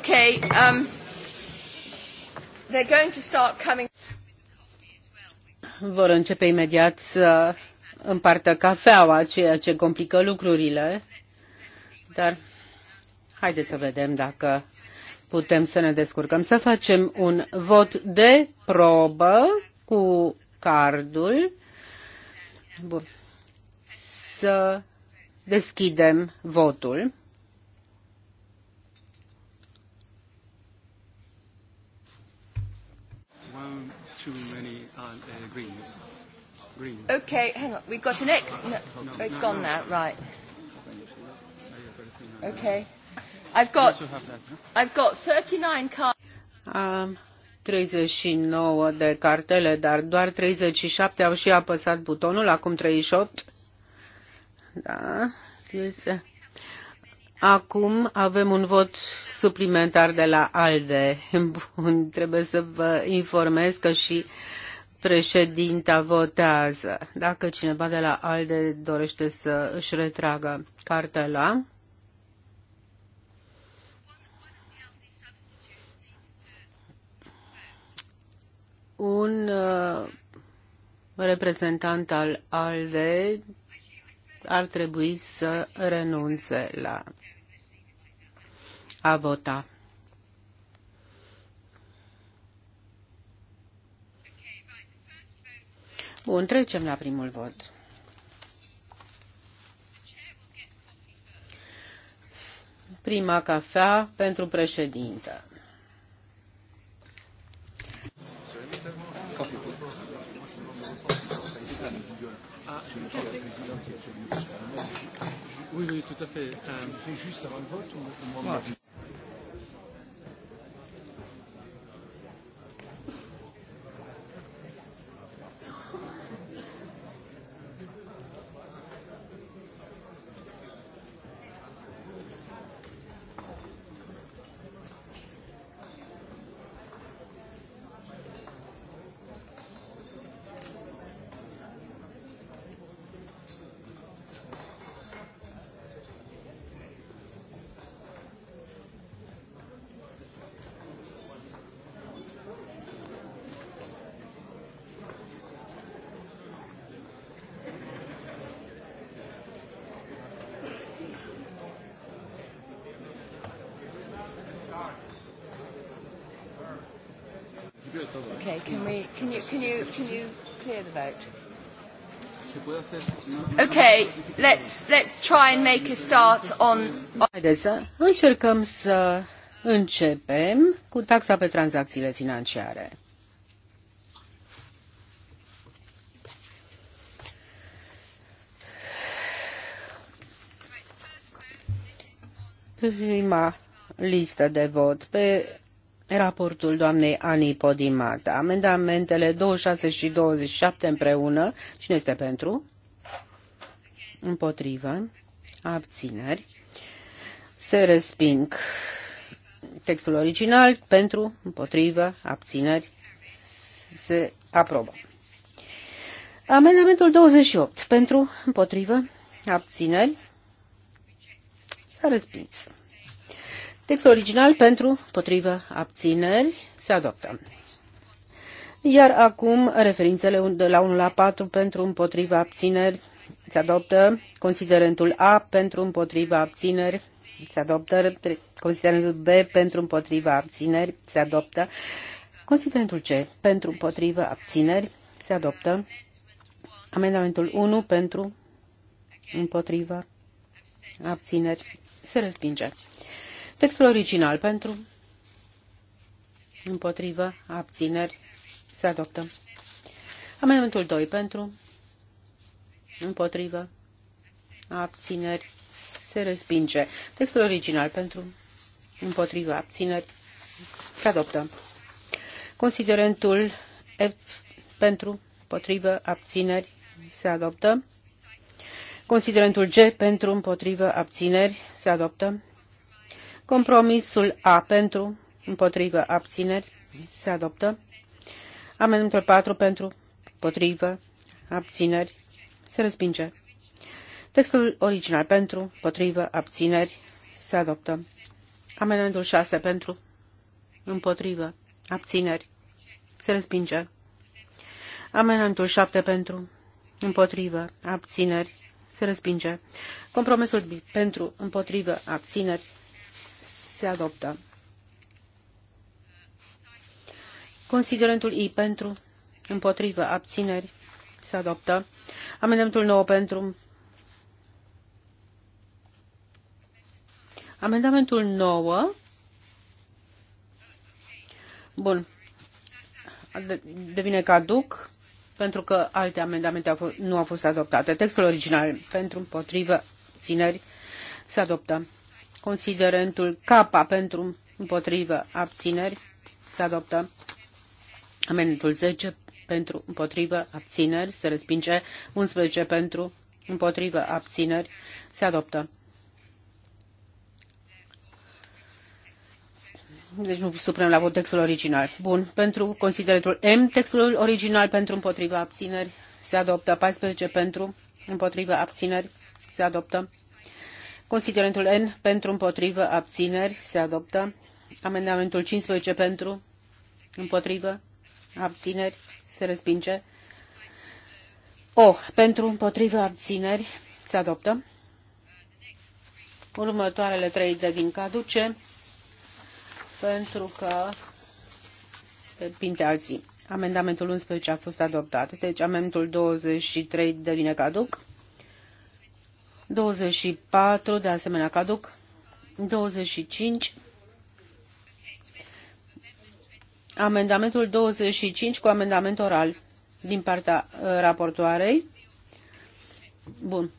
Okay, um, they're going to start coming. Vor începe imediat să împartă cafeaua, ceea ce complică lucrurile, dar haideți să vedem dacă putem să ne descurcăm. Să facem un vot de probă cu cardul. Bun. Să deschidem votul. green. Okay, hang on. We've got an ex... No, no oh, it's no, gone no. now. Right. Okay. I've got, I've got 39 cards. Um, 39 de cartele, dar doar 37 au și apăsat butonul, acum 38. Da, este. Acum avem un vot suplimentar de la ALDE. Bun, trebuie să vă informez că și uh, Președinta votează. Dacă cineva de la ALDE dorește să își retragă cartela, un uh, reprezentant al ALDE ar trebui să renunțe la a vota. Bun, trecem la primul vot. Prima cafea pentru președinte. Oui, oui, tout à fait. Euh... C'est juste avant le vote ou au moment voilà. Okay, can we, can you, can you, can you clear the vote? Okay, let's, let's try and make a start on... Haideți încercăm să începem cu taxa pe tranzacțiile financiare. Prima listă de vot pe raportul doamnei Ani Podimata. Amendamentele 26 și 27 împreună. Cine este pentru? Împotrivă. Abțineri. Se resping. Textul original pentru, împotrivă, abțineri. Se aprobă. Amendamentul 28 pentru, împotrivă, abțineri. S-a respins. Textul original pentru, potrivă, abțineri se adoptă. Iar acum referințele de la 1 la 4 pentru împotriva abțineri se adoptă, considerentul A pentru împotriva abțineri se adoptă, considerentul B pentru împotriva abțineri se adoptă, considerentul C pentru împotriva abțineri se adoptă, amendamentul 1 pentru împotriva abțineri se respinge. Textul original pentru împotrivă abțineri se adoptă. Amendamentul 2 pentru împotrivă abțineri se respinge. Textul original pentru împotrivă abțineri se adoptă. Considerentul F pentru împotrivă abțineri se adoptă. Considerentul G pentru împotrivă abțineri se adoptă. Compromisul A pentru, împotrivă, abțineri, se adoptă. Amendamentul 4 pentru, împotrivă, abțineri, se respinge. Textul original pentru, împotrivă, abțineri, se adoptă. Amendamentul 6 pentru, împotrivă, abțineri, se respinge. Amendamentul 7 pentru, împotrivă, abțineri, se respinge. Compromisul B pentru, împotrivă, abțineri, se adoptă. Considerentul I pentru, împotrivă, abțineri, se adoptă. Amendamentul 9 pentru. Amendamentul 9. Bun. Devine caduc pentru că alte amendamente nu au fost adoptate. Textul original pentru împotrivă țineri se adoptă. Considerentul K pentru împotrivă abțineri se adoptă. Amendamentul 10 pentru împotrivă abțineri se respinge. 11 pentru împotrivă abțineri se adoptă. Deci nu supunem la vot textul original. Bun. Pentru considerentul M, textul original pentru împotriva abțineri se adoptă. 14 pentru împotriva abțineri se adoptă. Considerentul N pentru împotrivă abțineri se adoptă. Amendamentul 15 pentru împotrivă abțineri se respinge. O pentru împotrivă abțineri se adoptă. Următoarele trei devin caduce pentru că pinte alții. Amendamentul 11 a fost adoptat, deci amendamentul 23 devine caduc. 24, de asemenea caduc. 25. Amendamentul 25 cu amendament oral din partea uh, raportoarei. Bun.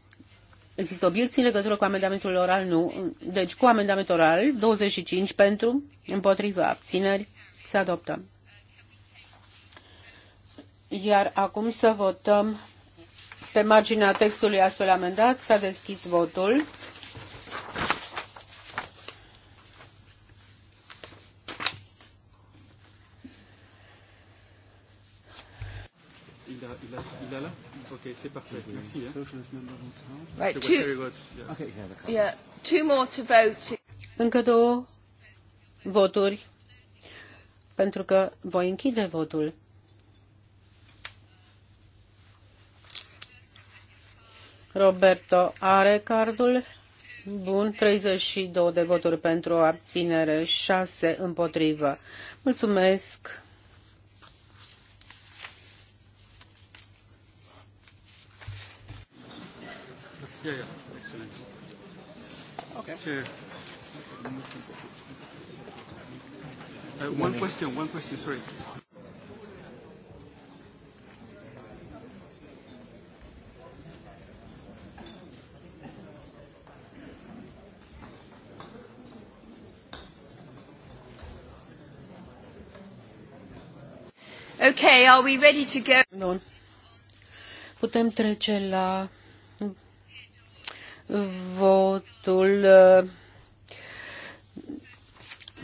Există obiecții în legătură cu amendamentul oral? Nu. Deci cu amendament oral, 25 pentru, împotriva abțineri, se adoptă. Iar acum să votăm pe marginea textului astfel amendat s-a deschis votul. Right, two, yeah, two more to vote. Încă două voturi, pentru că voi închide votul. Roberto are cardul. Bun, 32 de voturi pentru abținere, 6 împotrivă. Mulțumesc. Yeah, yeah. Excellent. Okay. Uh, one question, one question, sorry. Okay, are we ready to go? Bun. Putem trece la votul uh,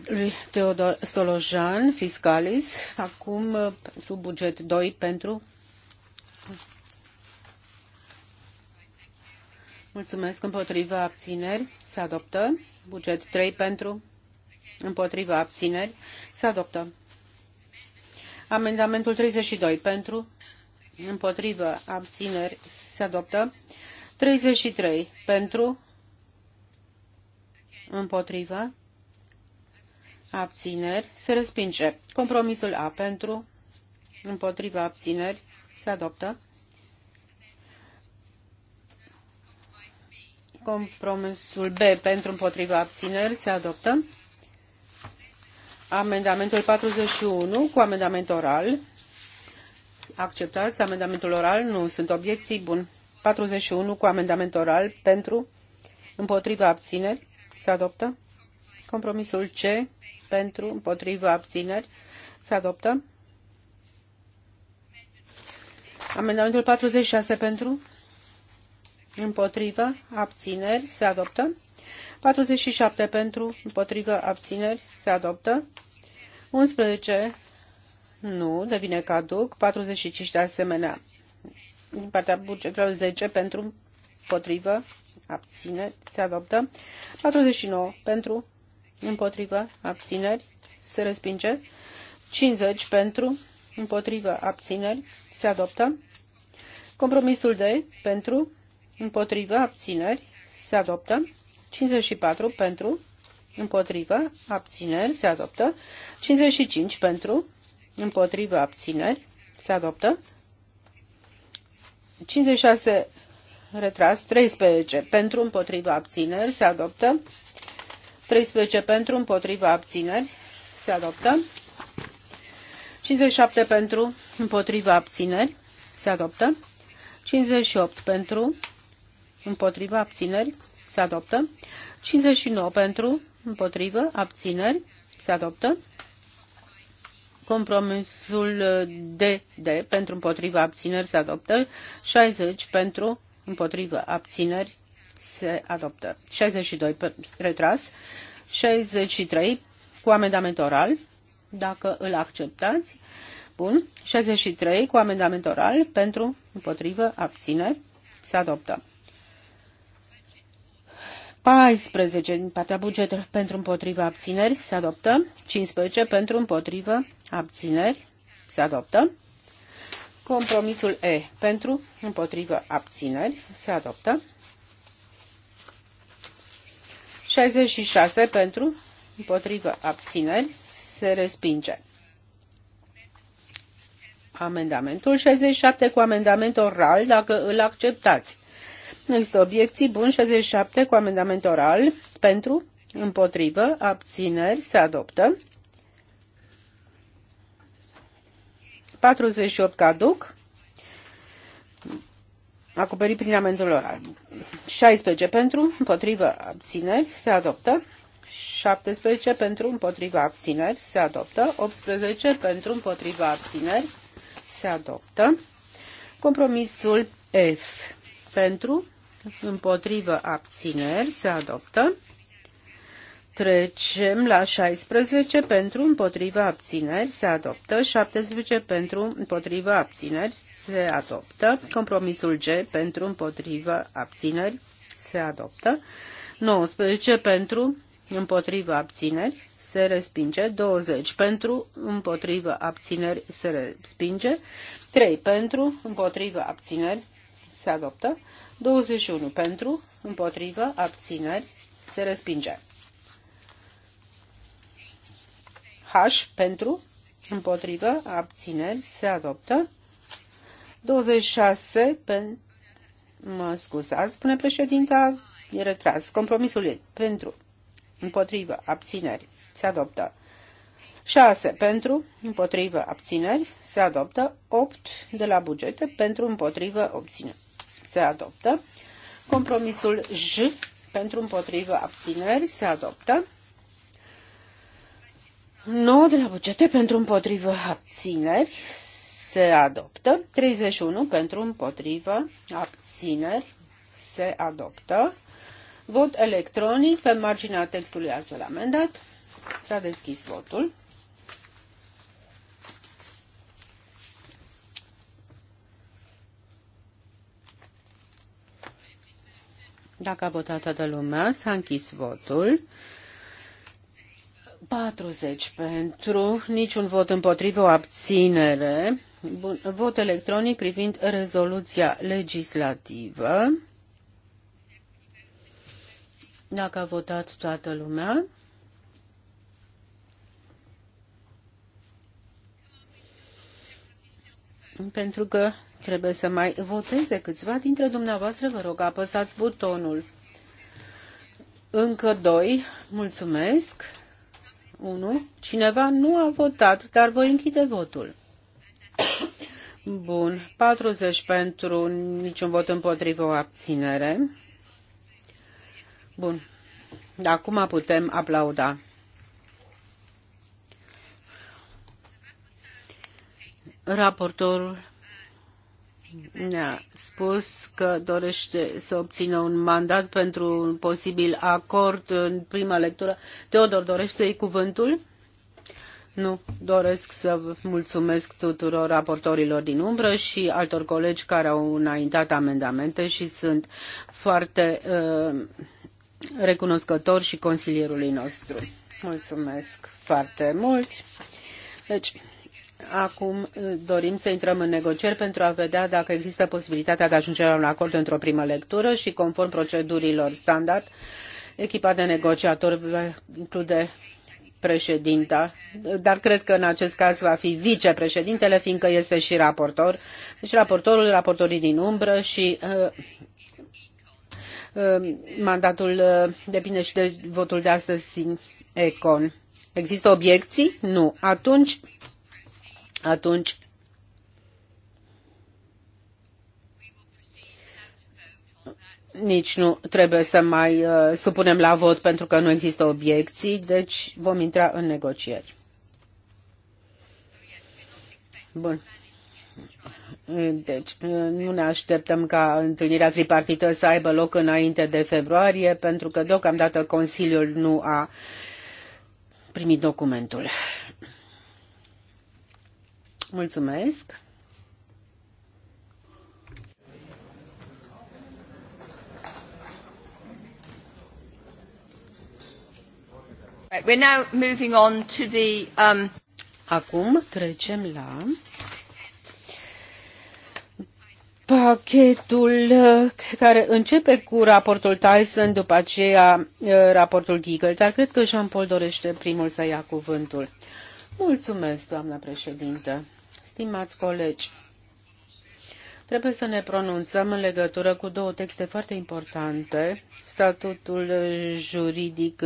lui Teodor Stolojan, fiscalis, acum uh, pentru buget 2 pentru. Mulțumesc împotriva abțineri. Se adoptă. Buget 3 pentru. Împotriva abțineri. Se adoptă. Amendamentul 32 pentru, împotrivă, abțineri, se adoptă. 33 pentru, împotrivă, abțineri, se respinge. Compromisul A pentru, împotrivă, abțineri, se adoptă. Compromisul B pentru împotriva abțineri se adoptă amendamentul 41 cu amendament oral. Acceptați amendamentul oral? Nu. Sunt obiecții? Bun. 41 cu amendament oral pentru, împotriva abțineri. Se adoptă. Compromisul C pentru, împotriva abțineri. Se adoptă. Amendamentul 46 pentru, împotriva abțineri. Se adoptă. 47 pentru, împotrivă, abțineri, se adoptă. 11 nu, devine caduc. 45 de asemenea. Din partea bugetelor 10 pentru, împotrivă, abțineri, se adoptă. 49 pentru, împotrivă, abțineri, se respinge. 50 pentru, împotrivă, abțineri, se adoptă. Compromisul de pentru, împotrivă, abțineri, se adoptă. 54 pentru, împotrivă, abțineri, se adoptă. 55 pentru, împotrivă, abțineri, se adoptă. 56 retras, 13 pentru, împotrivă, abțineri, se adoptă. 13 pentru, împotriva abțineri, se adoptă. 57 pentru, împotriva abțineri, se adoptă. 58 pentru, împotriva abțineri, se adoptă. 59 pentru, împotrivă, abțineri, se adoptă. Compromisul DD pentru împotriva abțineri se adoptă. 60 pentru împotriva abțineri se adoptă. 62 retras. 63 cu amendament oral, dacă îl acceptați. Bun. 63 cu amendament oral pentru împotrivă abțineri se adoptă. 14 din partea buget pentru împotriva abțineri se adoptă. 15 pentru împotriva abțineri se adoptă. Compromisul E pentru împotriva abțineri se adoptă. 66 pentru împotriva abțineri se respinge. Amendamentul 67 cu amendament oral dacă îl acceptați. Nu există obiecții. Bun, 67 cu amendament oral. Pentru, împotrivă, abțineri, se adoptă. 48 caduc. Acoperit prin amendul oral. 16 pentru, împotrivă, abțineri, se adoptă. 17 pentru, împotriva, abțineri, se adoptă. 18 pentru, împotriva, abțineri, se adoptă. Compromisul F pentru, împotrivă abțineri se adoptă. Trecem la 16 pentru împotriva abțineri se adoptă, 17 pentru împotriva abțineri se adoptă, compromisul G pentru împotriva abțineri se adoptă, 19 pentru împotriva abțineri se respinge, 20 pentru împotriva abțineri se respinge, 3 pentru împotriva abțineri se adoptă, 21 pentru, împotrivă, abțineri, se respinge. H pentru, împotrivă, abțineri, se adoptă. 26 pentru, mă scuzați, spune președinta, e retras. Compromisul e pentru, împotrivă, abțineri, se adoptă. 6 pentru, împotrivă, abțineri, se adoptă. 8 de la bugete pentru, împotrivă, obțineri se adoptă. Compromisul J pentru împotrivă abțineri se adoptă. 9 de la bugete pentru împotrivă abțineri se adoptă. 31 pentru împotrivă abțineri se adoptă. Vot electronic pe marginea textului astfel amendat. S-a deschis votul. Dacă a votat toată lumea, s-a închis votul. 40 pentru, niciun vot împotrivă, o abținere. Bun, vot electronic privind rezoluția legislativă. Dacă a votat toată lumea. Pentru că Trebuie să mai voteze câțiva dintre dumneavoastră. Vă rog, apăsați butonul. Încă doi. Mulțumesc. Unu. Cineva nu a votat, dar voi închide votul. Bun. 40 pentru, niciun vot împotrivă, o abținere. Bun. Da, acum putem aplauda. Raportorul ne-a spus că dorește să obțină un mandat pentru un posibil acord în prima lectură. Teodor, dorești să iei cuvântul? Nu, doresc să mulțumesc tuturor raportorilor din umbră și altor colegi care au înaintat amendamente și sunt foarte uh, recunoscători și consilierului nostru. Mulțumesc foarte mult. Deci, Acum eh, dorim să intrăm în negocieri pentru a vedea dacă există posibilitatea de a ajunge la un acord într-o primă lectură și conform procedurilor standard, echipa de negociatori include președinta, dar cred că în acest caz va fi vicepreședintele, fiindcă este și raportor, deci raportorul, raportorii din umbră și uh, uh, mandatul uh, depinde și de votul de astăzi în Econ. Există obiecții? Nu. Atunci atunci nici nu trebuie să mai uh, supunem la vot pentru că nu există obiecții, deci vom intra în negocieri. Bun. Deci, uh, nu ne așteptăm ca întâlnirea tripartită să aibă loc înainte de februarie, pentru că deocamdată Consiliul nu a primit documentul. Mulțumesc! We're now moving on to the, um... Acum trecem la pachetul uh, care începe cu raportul Tyson, după aceea uh, raportul Giegel, dar cred că Jean-Paul dorește primul să ia cuvântul. Mulțumesc, doamna președintă. Stimați colegi, trebuie să ne pronunțăm în legătură cu două texte foarte importante. Statutul juridic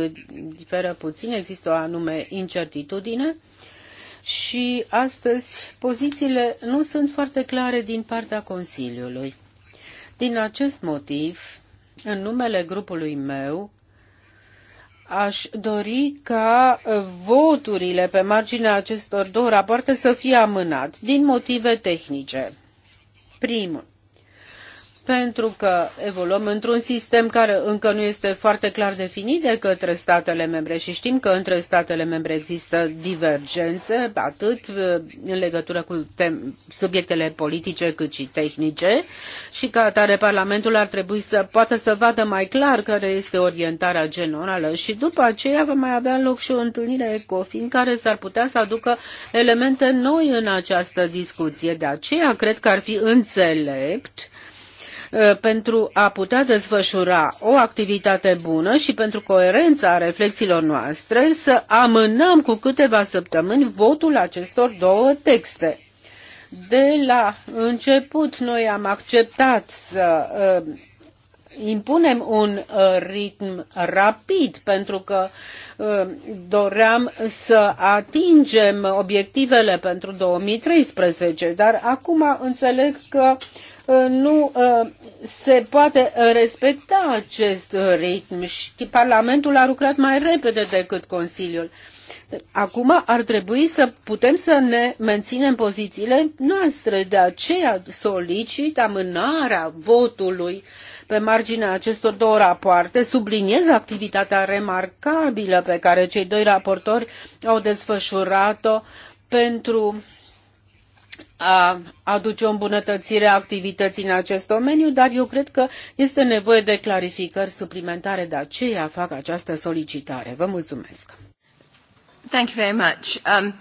diferă puțin, există o anume incertitudine și astăzi pozițiile nu sunt foarte clare din partea Consiliului. Din acest motiv, în numele grupului meu, Aș dori ca voturile pe marginea acestor două rapoarte să fie amânat din motive tehnice. Primul pentru că evoluăm într-un sistem care încă nu este foarte clar definit de către statele membre și știm că între statele membre există divergențe, atât uh, în legătură cu subiectele politice cât și tehnice și ca atare Parlamentul ar trebui să poată să vadă mai clar care este orientarea generală și după aceea va mai avea loc și o întâlnire ECOFIN care s-ar putea să aducă elemente noi în această discuție. De aceea cred că ar fi înțelept Uh, pentru a putea desfășura o activitate bună și pentru coerența reflexiilor noastre să amânăm cu câteva săptămâni votul acestor două texte. De la început noi am acceptat să uh, impunem un uh, ritm rapid pentru că uh, doream să atingem obiectivele pentru 2013, dar acum înțeleg că Uh, nu uh, se poate uh, respecta acest ritm și Parlamentul a lucrat mai repede decât Consiliul. Acum ar trebui să putem să ne menținem pozițiile noastre, de aceea solicit amânarea votului pe marginea acestor două rapoarte, subliniez activitatea remarcabilă pe care cei doi raportori au desfășurat-o pentru a aduce o îmbunătățire a activității în acest domeniu, dar eu cred că este nevoie de clarificări suplimentare, de aceea fac această solicitare. Vă mulțumesc! Thank you very much. Um...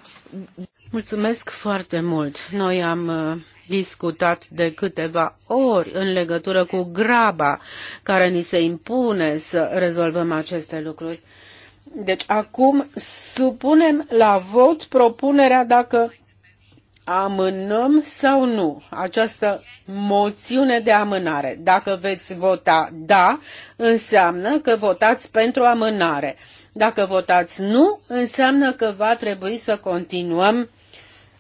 Mulțumesc foarte mult! Noi am uh, discutat de câteva ori în legătură cu graba care ni se impune să rezolvăm aceste lucruri. Deci acum supunem la vot propunerea dacă amânăm sau nu această moțiune de amânare. Dacă veți vota da, înseamnă că votați pentru amânare. Dacă votați nu, înseamnă că va trebui să continuăm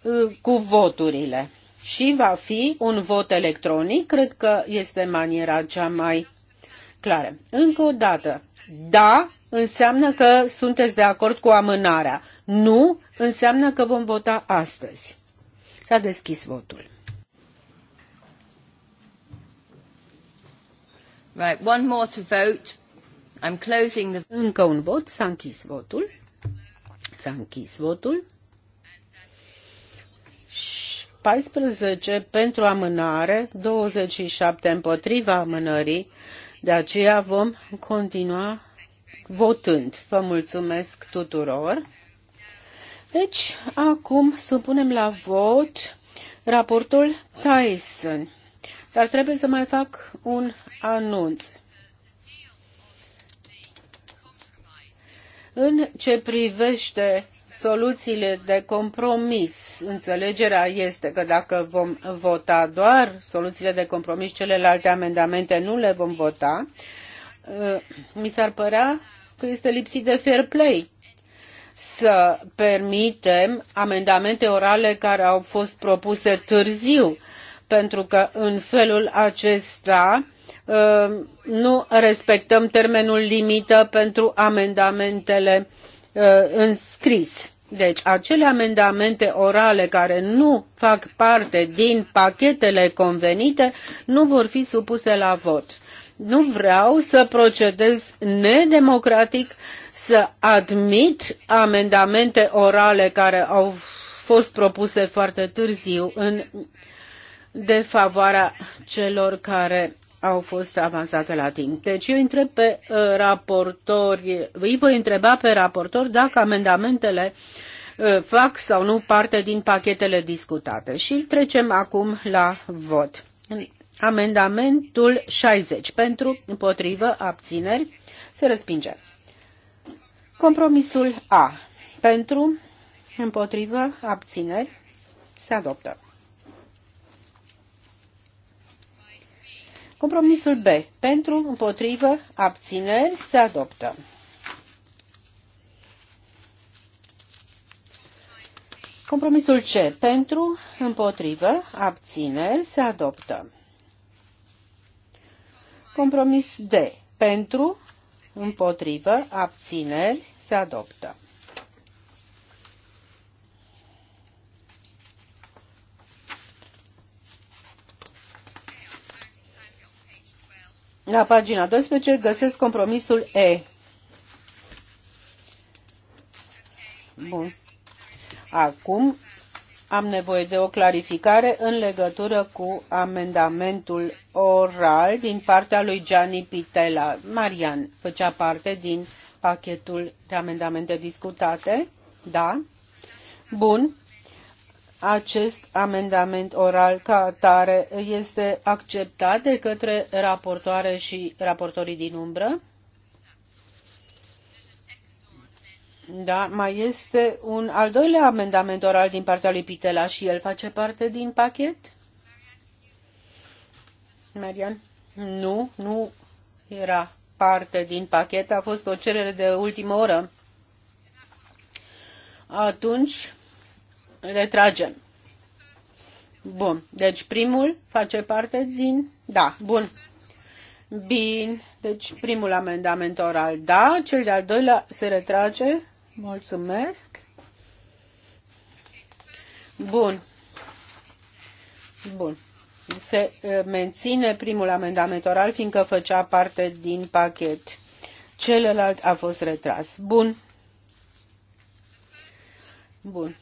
uh, cu voturile. Și va fi un vot electronic, cred că este maniera cea mai clară. Încă o dată, da înseamnă că sunteți de acord cu amânarea, nu înseamnă că vom vota astăzi. S-a deschis votul. Right, one more to vote. I'm closing the... Încă un vot, s-a închis votul. S-a închis votul. 14 pentru amânare, 27 împotriva amânării, de aceea vom continua votând. Vă mulțumesc tuturor! Deci, acum să punem la vot raportul Tyson. Dar trebuie să mai fac un anunț. În ce privește soluțiile de compromis, înțelegerea este că dacă vom vota doar soluțiile de compromis, celelalte amendamente nu le vom vota, mi s-ar părea că este lipsit de fair play să permitem amendamente orale care au fost propuse târziu, pentru că în felul acesta ă, nu respectăm termenul limită pentru amendamentele ă, înscris. Deci, acele amendamente orale care nu fac parte din pachetele convenite nu vor fi supuse la vot. Nu vreau să procedez nedemocratic să admit amendamente orale care au fost propuse foarte târziu în defavoarea celor care au fost avansate la timp. Deci eu întreb pe uh, raportori, îi voi întreba pe raportori dacă amendamentele uh, fac sau nu parte din pachetele discutate. Și trecem acum la vot. Amendamentul 60 pentru, împotrivă, abțineri, se respinge. Compromisul A. Pentru, împotrivă, abțineri, se adoptă. Compromisul B. Pentru, împotrivă, abțineri, se adoptă. Compromisul C. Pentru, împotrivă, abțineri, se adoptă. Compromis D. Pentru, împotrivă, abțineri, se adoptă. La pagina 12 găsesc compromisul E. Bun. Acum am nevoie de o clarificare în legătură cu amendamentul oral din partea lui Gianni Pitela. Marian făcea parte din pachetul de amendamente discutate? Da? Bun. Acest amendament oral ca atare este acceptat de către raportoare și raportorii din umbră? Da, mai este un al doilea amendament oral din partea lui Pitela și el face parte din pachet? Marian? Nu, nu era parte din pachet a fost o cerere de ultimă oră, atunci retragem. Bun. Deci primul face parte din... Da, bun. Bine. Deci primul amendament oral, da. Cel de-al doilea se retrage. Mulțumesc. Bun. Bun se eh, menține primul amendament oral, fiindcă făcea parte din pachet. Celălalt a fost retras. Bun. Bun.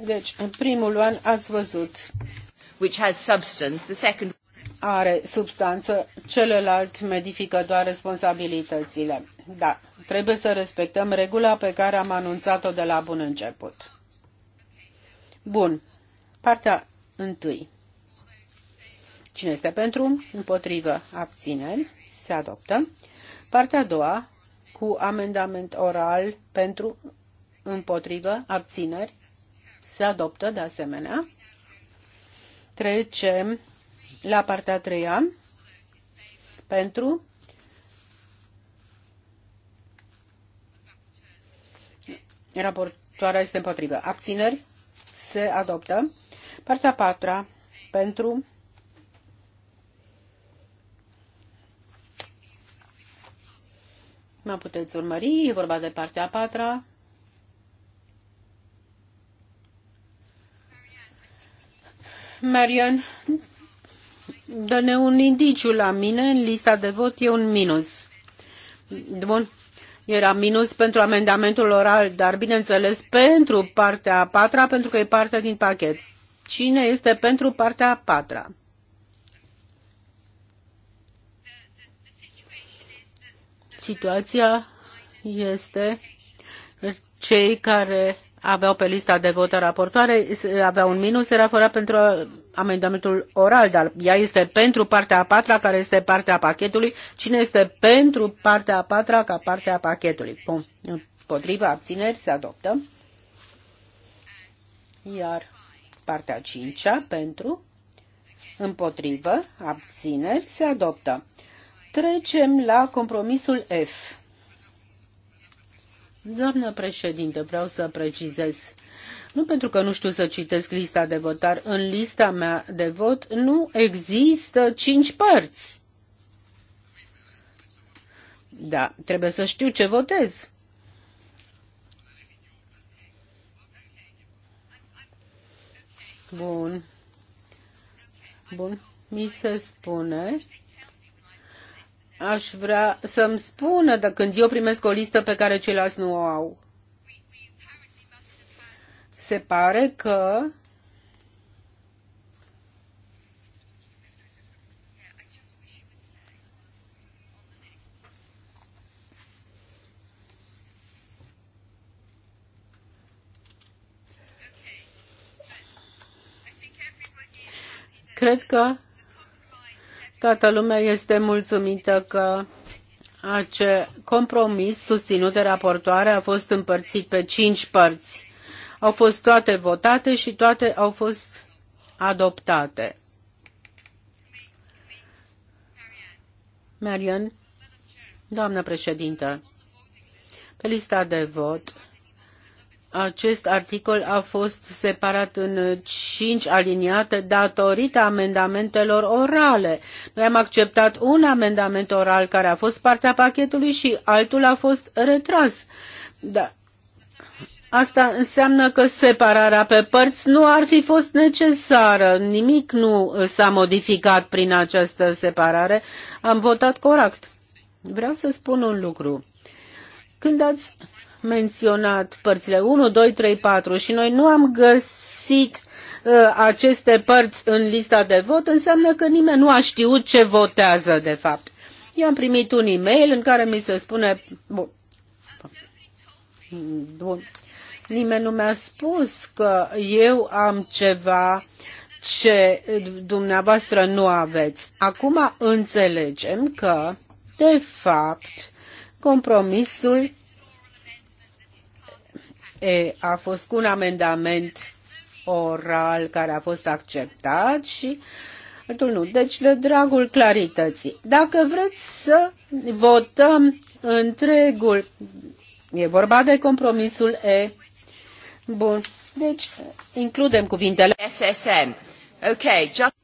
Deci, în primul an ați văzut. Which has substance. The second are substanță, celălalt modifică doar responsabilitățile. Da, trebuie să respectăm regula pe care am anunțat-o de la bun început. Bun. Partea întâi. Cine este pentru? Împotrivă. Abțineri. Se adoptă. Partea a doua, cu amendament oral pentru împotrivă, abțineri, se adoptă de asemenea. Trecem la partea a treia, pentru raportoarea este împotrivă. Abțineri se adoptă. Partea a patra pentru Mă puteți urmări, e vorba de partea a patra. Marian, dă-ne un indiciu la mine, în lista de vot e un minus. Bun, era minus pentru amendamentul oral, dar bineînțeles pentru partea a patra, pentru că e parte din pachet. Cine este pentru partea a patra? Situația este cei care aveau pe lista de vot a raportoare, aveau un minus, era fără pentru amendamentul oral, dar ea este pentru partea a patra, care este partea a pachetului. Cine este pentru partea a patra ca partea a pachetului? Bun. Împotriva abțineri se adoptă. Iar Partea a cincea pentru, împotrivă, abțineri, se adoptă. Trecem la compromisul F. Doamnă președinte, vreau să precizez. Nu pentru că nu știu să citesc lista de votar. În lista mea de vot nu există cinci părți. Da, trebuie să știu ce votez. Bun. Bun. Mi se spune aș vrea să-mi spună de când eu primesc o listă pe care ceilalți nu o au. Se pare că Cred că toată lumea este mulțumită că acest compromis susținut de raportoare a fost împărțit pe cinci părți. Au fost toate votate și toate au fost adoptate. Marian, doamnă președintă, pe lista de vot acest articol a fost separat în cinci aliniate datorită amendamentelor orale. Noi am acceptat un amendament oral care a fost partea pachetului și altul a fost retras. Da. Asta înseamnă că separarea pe părți nu ar fi fost necesară. Nimic nu s-a modificat prin această separare. Am votat corect. Vreau să spun un lucru. Când ați menționat părțile 1, 2, 3, 4 și noi nu am găsit uh, aceste părți în lista de vot, înseamnă că nimeni nu a știut ce votează de fapt. Eu am primit un e-mail în care mi se spune, bun, bun, nimeni nu mi-a spus că eu am ceva ce dumneavoastră nu aveți. Acum înțelegem că, de fapt, compromisul E, a fost un amendament oral care a fost acceptat și nu. Deci, de dragul clarității, dacă vreți să votăm întregul, e vorba de compromisul E. Bun. Deci, includem cuvintele SSM. Ok, just...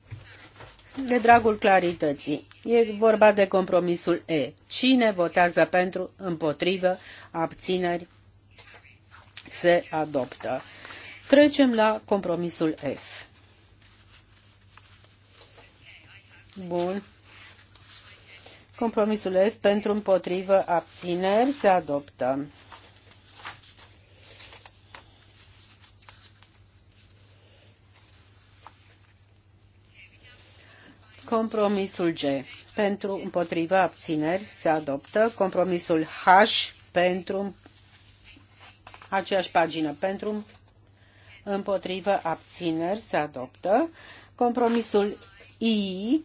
De dragul clarității, e vorba de compromisul E. Cine votează pentru, împotrivă, abțineri, se adoptă. Trecem la compromisul F. Bun. Compromisul F pentru împotrivă abțineri se adoptă. Compromisul G pentru împotrivă abțineri se adoptă. Compromisul H pentru aceeași pagină pentru, împotrivă, abțineri, se adoptă. Compromisul I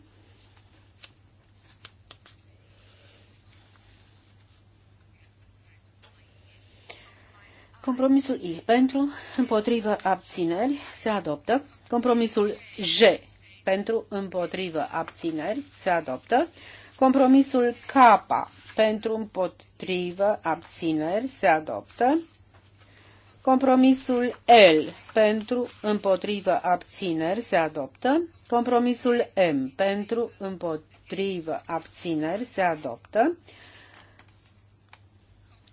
Compromisul I pentru, împotrivă, abțineri, se adoptă. Compromisul J pentru, împotrivă, abțineri, se adoptă. Compromisul K pentru, împotrivă, abțineri, se adoptă. Compromisul L pentru împotrivă abțineri se adoptă. Compromisul M pentru împotrivă abțineri se adoptă.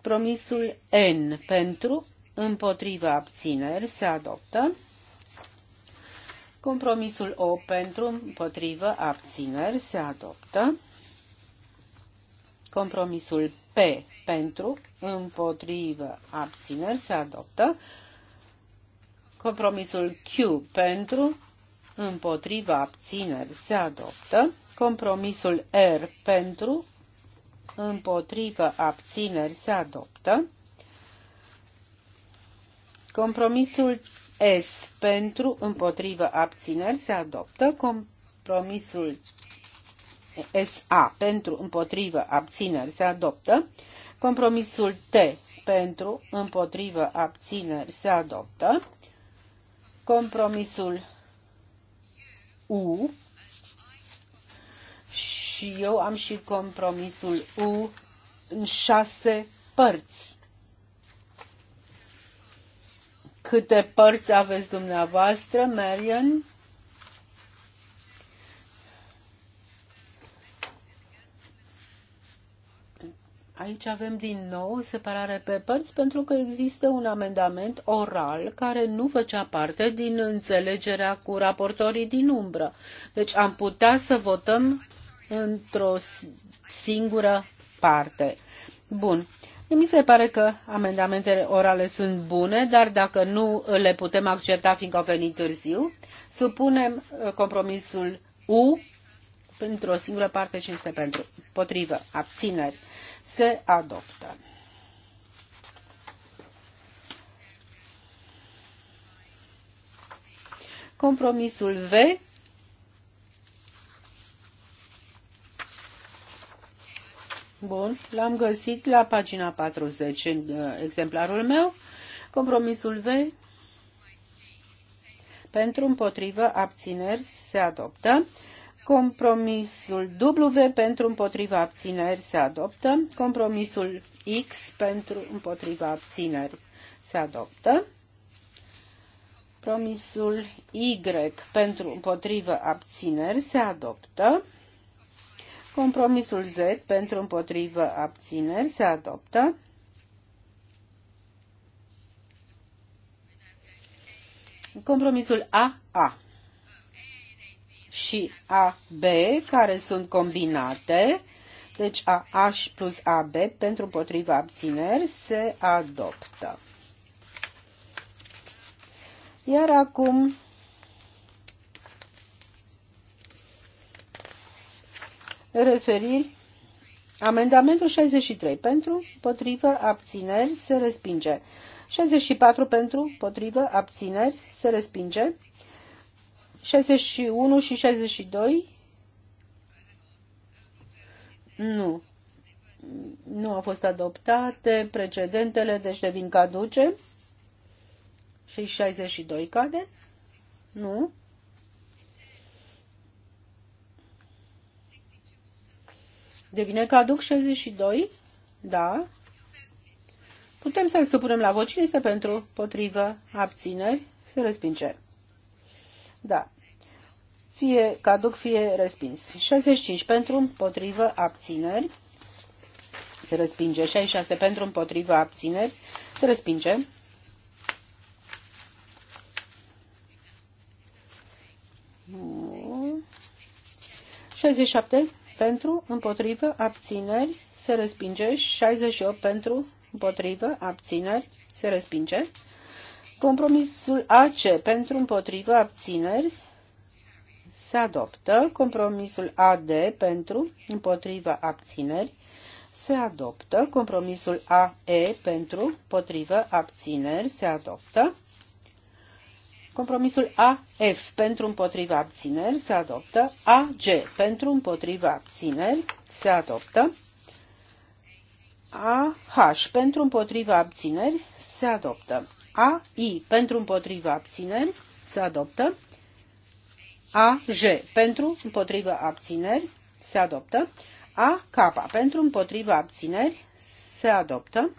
Compromisul N pentru împotrivă abțineri se adoptă. Compromisul O pentru împotrivă abțineri se adoptă. Compromisul P pentru, împotrivă, abțineri se adoptă. Compromisul Q pentru, împotrivă, abțineri se adoptă. Compromisul R pentru, împotrivă, abțineri se adoptă. Compromisul S pentru, împotrivă, abțineri se adoptă. Compromisul SA pentru, împotrivă, abțineri se adoptă. Compromisul T pentru, împotrivă, abțineri se adoptă. Compromisul U și eu am și compromisul U în șase părți. Câte părți aveți dumneavoastră, Marian? Aici avem din nou separare pe părți pentru că există un amendament oral care nu făcea parte din înțelegerea cu raportorii din umbră. Deci am putea să votăm într-o singură parte. Bun. Mi se pare că amendamentele orale sunt bune, dar dacă nu le putem accepta fiindcă au venit târziu, supunem uh, compromisul U pentru o singură parte este pentru. Potrivă. Abțineri se adoptă. Compromisul V Bun, l-am găsit la pagina 40 în uh, exemplarul meu. Compromisul V pentru împotrivă abțineri se adoptă. Compromisul W pentru împotriva abțineri se adoptă. Compromisul X pentru împotriva abțineri se adoptă. Compromisul Y pentru împotriva abțineri se adoptă. Compromisul Z pentru împotriva abțineri se adoptă. Compromisul AA și AB, care sunt combinate, deci AH plus AB pentru potriva abțineri se adoptă. Iar acum referiri Amendamentul 63 pentru, potrivă, abțineri, se respinge. 64 pentru, potrivă, abțineri, se respinge. 61 și 62? Nu. Nu au fost adoptate precedentele, deci devin caduce. Și 62 cade? Nu. Devine caduc 62? Da. Putem să-l supunem la vot. Cine este pentru? Potrivă? Abțineri? Se respinge. Da fie caduc, fie respins. 65 pentru, împotrivă, abțineri, se respinge. 66 pentru, împotrivă, abțineri, se respinge. 67 pentru, împotrivă, abțineri, se respinge. 68 pentru, împotrivă, abțineri, se respinge. Compromisul AC pentru împotrivă, abțineri, se adoptă. Compromisul AD pentru, împotriva abțineri, se adoptă. Compromisul AE pentru, împotriva abțineri, se adoptă. Compromisul AF pentru împotriva abțineri se adoptă. AG pentru împotriva abțineri se adoptă. AH pentru împotriva abțineri se adoptă. AI pentru împotriva abțineri se adoptă. AJ pentru împotrivă abțineri se adoptă. AK pentru împotrivă abțineri se adoptă.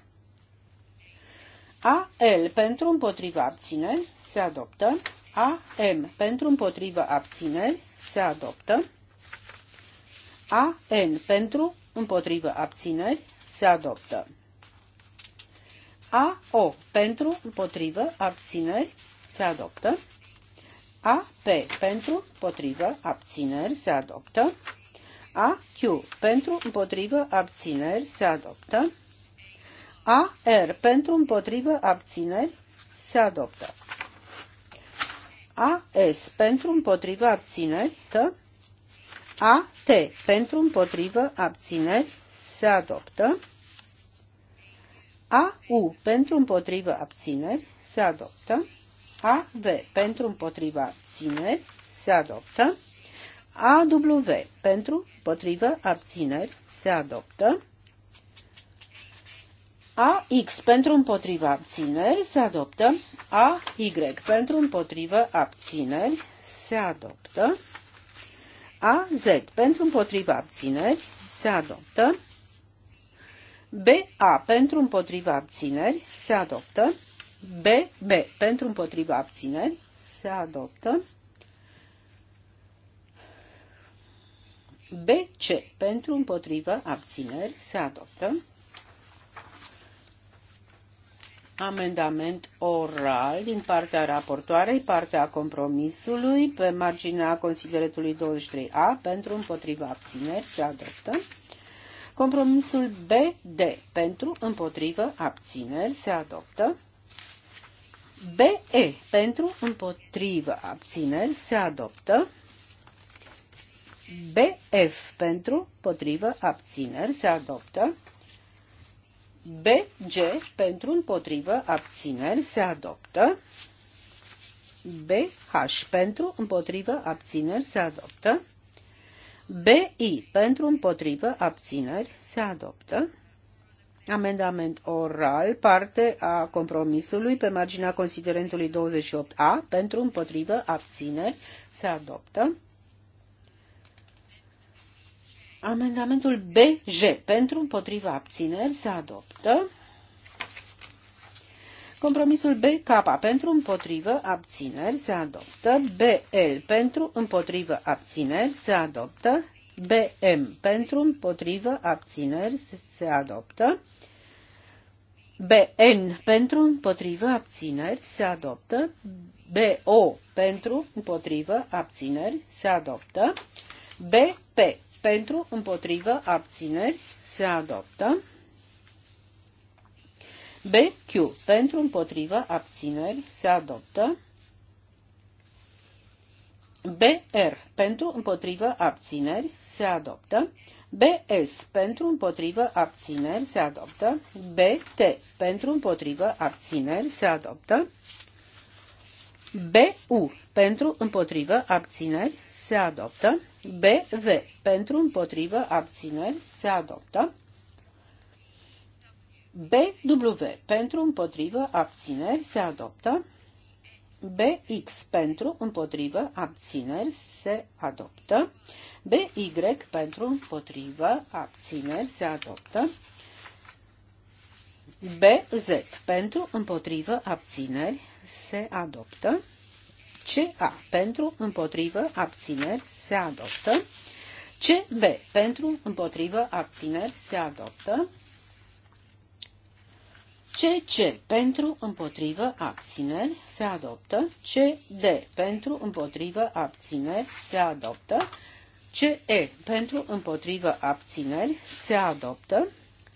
AL pentru împotriva abțineri se adoptă. AM pentru împotriva abțineri se adoptă. AN pentru împotriva abțineri se adoptă. AO pentru împotrivă abțineri se adoptă a p pentru, împotrivă, abțineri se adoptă. q pentru, împotrivă, abțineri se adoptă. r pentru, împotrivă, abțineri se adoptă. s pentru, împotrivă, abțineri a t pentru, împotrivă, abțineri se adoptă. u pentru, împotrivă, abțineri se adoptă. A V pentru împotriva țineri, se adoptă. A W pentru împotriva abțineri se adoptă. A X pentru împotriva abțineri se adoptă. A Y pentru împotriva abțineri se adoptă. A Z pentru împotriva abțineri se adoptă. B A pentru împotriva abțineri se adoptă. B, B, pentru împotriva abțineri, se adoptă. b c pentru împotriva abțineri, se adoptă. Amendament oral din partea raportoarei, partea compromisului, pe marginea consideretului 23A, pentru împotriva abțineri, se adoptă. Compromisul BD pentru împotrivă abțineri se adoptă. BE pentru împotrivă abțineri se adoptă. BF pentru împotrivă abțineri se adoptă. BG pentru împotrivă abțineri se adoptă. BH pentru împotrivă abțineri se adoptă. BI pentru împotrivă abțineri se adoptă amendament oral, parte a compromisului pe marginea considerentului 28A, pentru împotrivă abțineri, se adoptă. Amendamentul BJ, pentru împotriva abțineri, se adoptă. Compromisul BK pentru împotrivă abțineri se adoptă, BL pentru împotrivă abțineri se adoptă, BM pentru, împotrivă, abțineri, se, se adoptă. BN pentru, împotrivă, abțineri, se adoptă. BO pentru, împotrivă, abțineri, se adoptă. BP pentru, împotrivă, abțineri, se adoptă. BQ pentru, împotrivă, abțineri, se adoptă. BR pentru împotrivă abțineri se adoptă. BS pentru împotrivă abțineri se adoptă. BT pentru împotrivă abțineri se adoptă. BU pentru împotrivă abțineri se adoptă. BV pentru împotrivă abțineri se adoptă. BW pentru împotrivă abțineri se adoptă. BX pentru, împotrivă, abțineri, se adoptă. BY pentru, împotrivă, abțineri, se adoptă. BZ pentru, împotrivă, abțineri, se adoptă. CA pentru, împotrivă, abțineri, se adoptă. CB pentru, împotrivă, abțineri, se adoptă. CC pentru împotrivă abțineri se adoptă, CD pentru împotrivă abțineri se adoptă, CE pentru împotrivă abțineri se adoptă,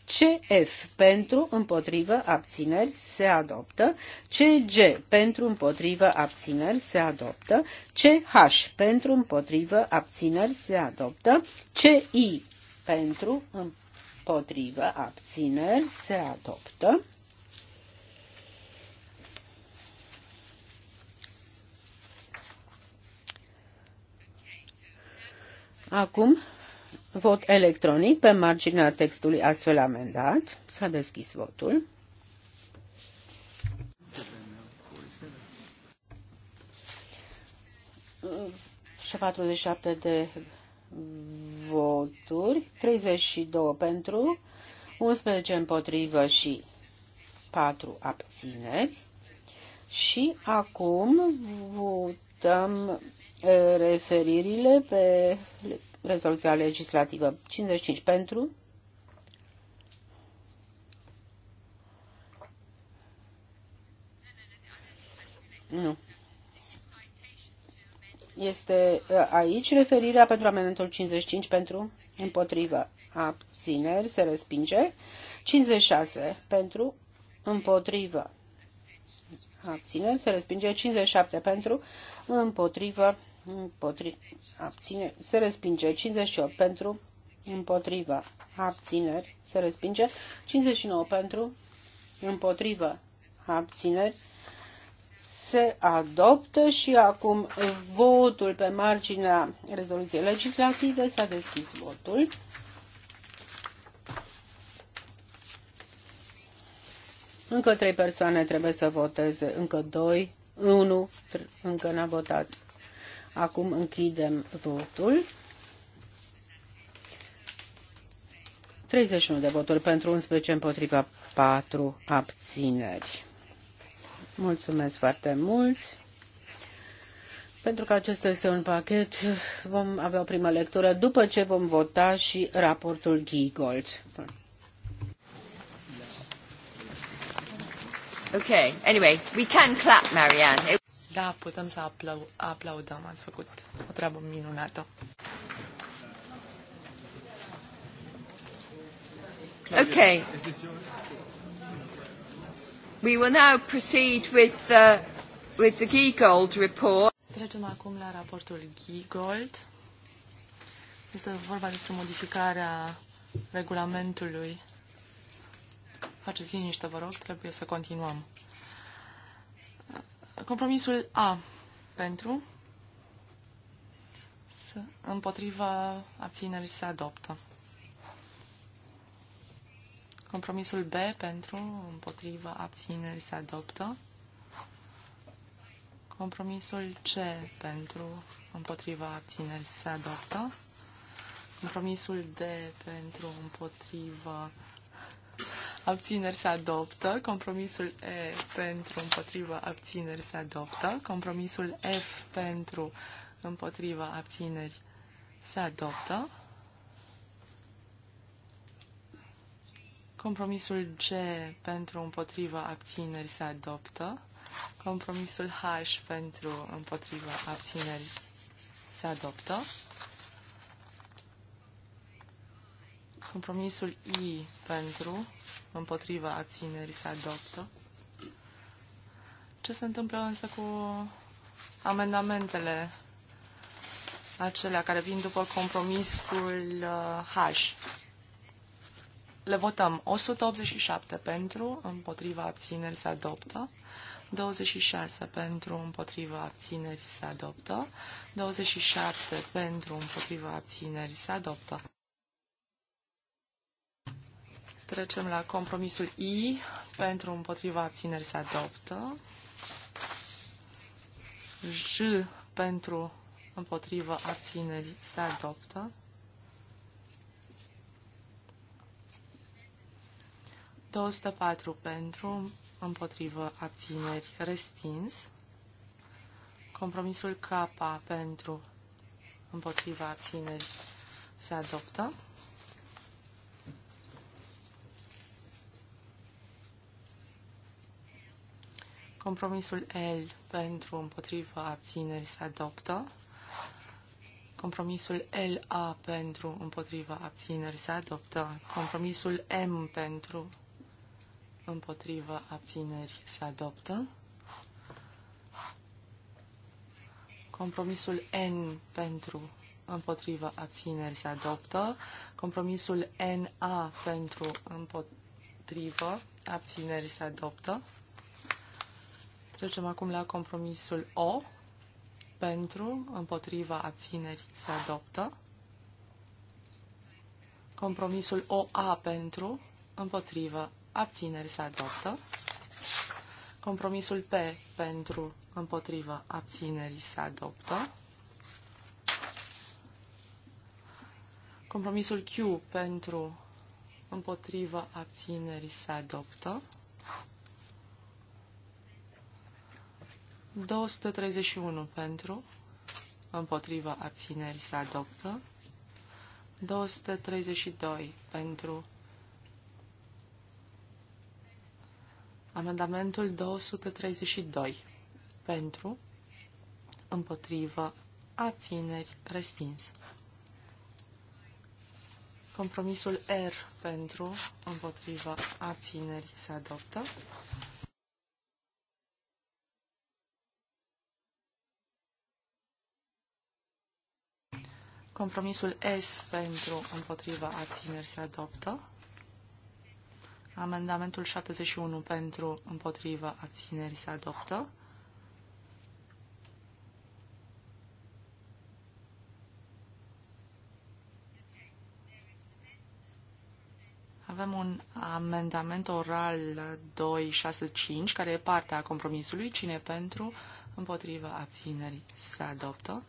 CF pentru împotrivă abțineri se adoptă, CG pentru împotrivă abțineri se adoptă, CH pentru împotrivă abțineri se adoptă, CI pentru împotrivă abțineri se adoptă. Acum, vot electronic pe marginea textului astfel amendat. S-a deschis votul. și 47 de voturi, 32 pentru, 11 împotrivă și 4 abține. Și acum votăm referirile pe rezoluția legislativă. 55 pentru. Nu. Este aici referirea pentru amendamentul 55 pentru împotrivă abțineri, se respinge. 56 pentru împotrivă abțineri, se respinge. 57 pentru împotrivă împotriva, abțineri, se respinge. 58 pentru, împotriva, abțineri, se respinge. 59 pentru, împotriva, abțineri, se adoptă și acum votul pe marginea rezoluției legislative. S-a deschis votul. Încă trei persoane trebuie să voteze, încă doi, unu, încă n-a votat. Acum închidem votul. 31 de voturi pentru 11 împotriva 4 abțineri. Mulțumesc foarte mult. Pentru că acesta este un pachet, vom avea o primă lectură după ce vom vota și raportul Giegold. Okay, anyway, we can clap, Marianne. Da, putem să aplau- aplaudăm. Ați făcut o treabă minunată. Okay. We will now proceed with the, with the Giegold report. Trecem acum la raportul Giegold. Este vorba despre modificarea regulamentului. Faceți liniște, vă rog, trebuie să continuăm. Compromisul A pentru împotriva abținerii se adoptă. Compromisul B pentru împotriva abținerii se adoptă. Compromisul C pentru împotriva abținerii se adoptă. Compromisul D pentru împotriva abțineri se adoptă, compromisul E pentru împotriva abțineri se adoptă, compromisul F pentru împotriva abțineri se adoptă, compromisul G pentru împotriva abțineri se adoptă, compromisul H pentru împotriva abțineri se adoptă, compromisul I pentru împotriva ținerii se adoptă. Ce se întâmplă însă cu amendamentele acelea care vin după compromisul uh, H? Le votăm 187 pentru, împotriva abținerii se adoptă, 26 pentru, împotriva abținerii se adoptă, 27 pentru, împotriva abținerii se adoptă. Trecem la compromisul I. Pentru împotriva abțineri se adoptă. J pentru împotriva abținerii se adoptă. patru pentru împotriva abțineri respins. Compromisul K pentru împotriva abțineri se adoptă. Compromisul L pentru împotriva abținerii se adoptă. Compromisul LA pentru împotriva abținerii se adoptă. Compromisul M pentru împotriva abținerii se adoptă. Compromisul N pentru împotriva abținerii se adoptă. Compromisul NA pentru împotriva abținerii se adoptă. Trecem acum la compromisul O. Pentru, împotriva, abțineri se adoptă. Compromisul OA pentru, împotriva, abțineri se adoptă. Compromisul P pentru, împotriva, abțineri se adoptă. Compromisul Q pentru, împotriva, abțineri se adoptă. 231 pentru, împotriva abțineri se adoptă. 232 pentru amendamentul 232 pentru împotrivă abțineri respins. Compromisul R pentru împotriva abțineri se adoptă. Compromisul S pentru împotriva abțineri se adoptă. Amendamentul 71 pentru împotriva abțineri se adoptă. Avem un amendament oral 265, care e parte a compromisului. Cine pentru, împotriva abținerii, se adoptă.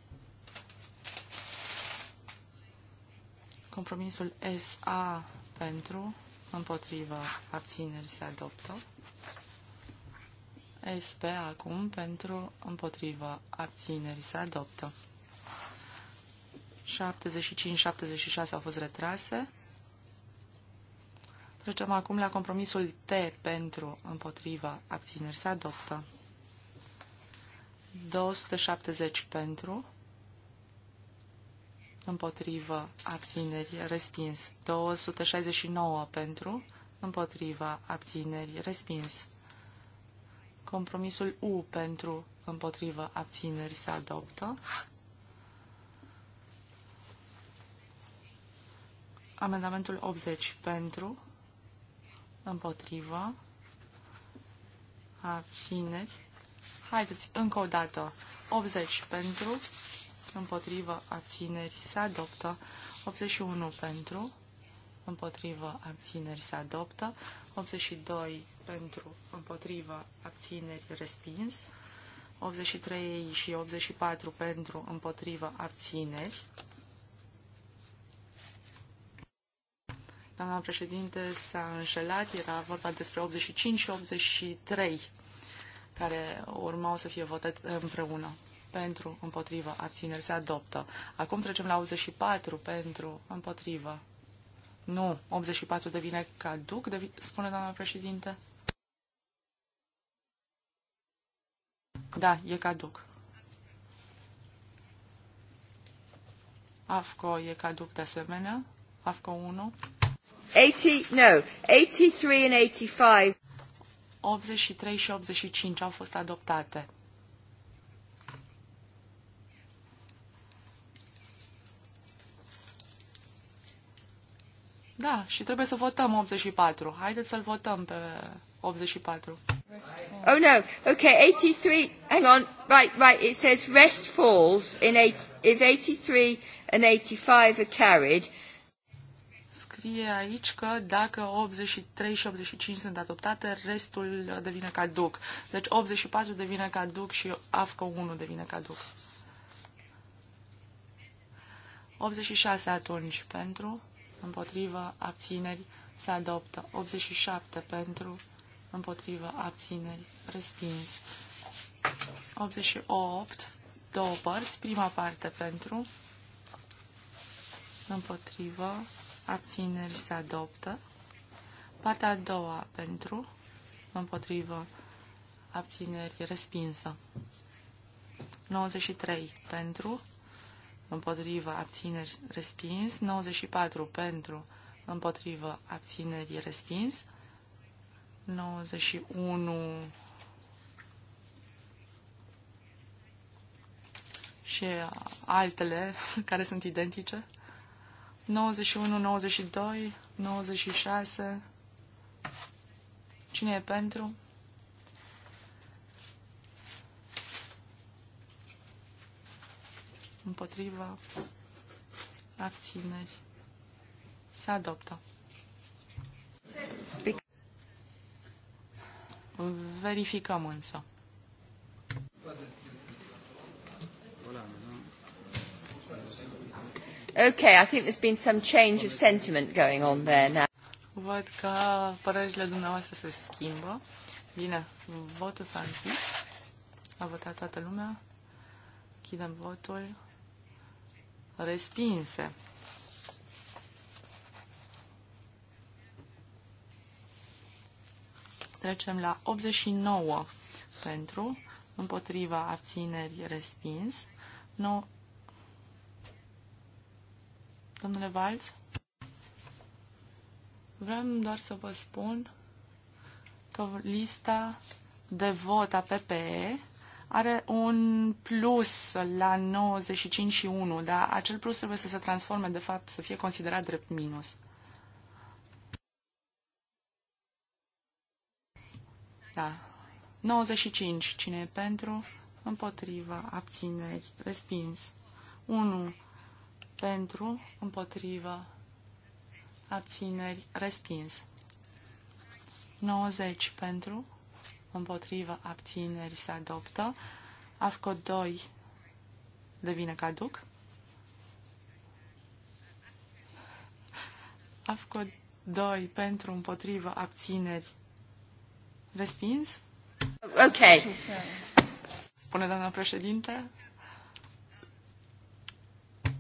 Compromisul SA pentru, împotrivă, abțineri se adoptă. SP acum pentru, împotrivă, abțineri se adoptă. 75-76 au fost retrase. Trecem acum la compromisul T pentru, împotrivă, abțineri se adoptă. 270 pentru, împotrivă, abțineri, respins. 269 pentru, împotrivă, abțineri, respins. Compromisul U pentru, împotrivă, abțineri, se adoptă. Amendamentul 80 pentru, împotrivă, abțineri. Haideți, încă o dată, 80 pentru, împotrivă, abțineri, se adoptă. 81 pentru, împotrivă, abțineri, se adoptă. 82 pentru, împotrivă, abțineri, respins. 83 și 84 pentru, împotrivă, abțineri. Doamna președinte s-a înșelat, era vorba despre 85 și 83 care urmau să fie votate împreună pentru, împotrivă, abțineri, se adoptă. Acum trecem la 84 pentru, împotrivă. Nu, 84 devine caduc, devi, spune doamna președinte. Da, e caduc. AFCO e caduc de asemenea. AFCO 1. 80, no, 83 and 85. 83 și 85 au fost adoptate. Da, și trebuie să votăm 84. Haideți să-l votăm pe 84. Oh no, okay, 83, hang on, right, right, it says rest falls in eight, if 83 and 85 are carried. Scrie aici că dacă 83 și 85 sunt adoptate, restul devine caduc. Deci 84 devine caduc și AFCO 1 devine caduc. 86 atunci pentru împotrivă, abțineri, se adoptă. 87 pentru, împotrivă, abțineri, respins. 88, două părți, prima parte pentru, împotrivă, abțineri, se adoptă. Partea a doua pentru, împotrivă, abțineri, respinsă. 93 pentru, împotrivă, abțineri, respins. 94 pentru, împotrivă, abțineri, respins. 91 și altele care sunt identice. 91, 92, 96. Cine e pentru? împotriva, abțineri, se adoptă. Verificăm însă. Okay, I think there's been some change of sentiment going on there now. Văd că părerile dumneavoastră se schimbă. Bine, votul s-a închis. A votat toată lumea. Chidem votul respinse. Trecem la 89 pentru, împotriva abțineri respins. No... Domnule Valț, vreau doar să vă spun că lista de vot a PPE are un plus la 95 și 1, dar acel plus trebuie să se transforme, de fapt, să fie considerat drept minus. Da. 95. Cine e pentru? Împotriva. Abțineri. Respins. 1. Pentru. Împotriva. Abțineri. Respins. 90. Pentru împotrivă, abțineri se adoptă. AFCO 2 devine caduc. AFCO 2 pentru, împotrivă, abțineri respins. Ok. Spune doamna președinte.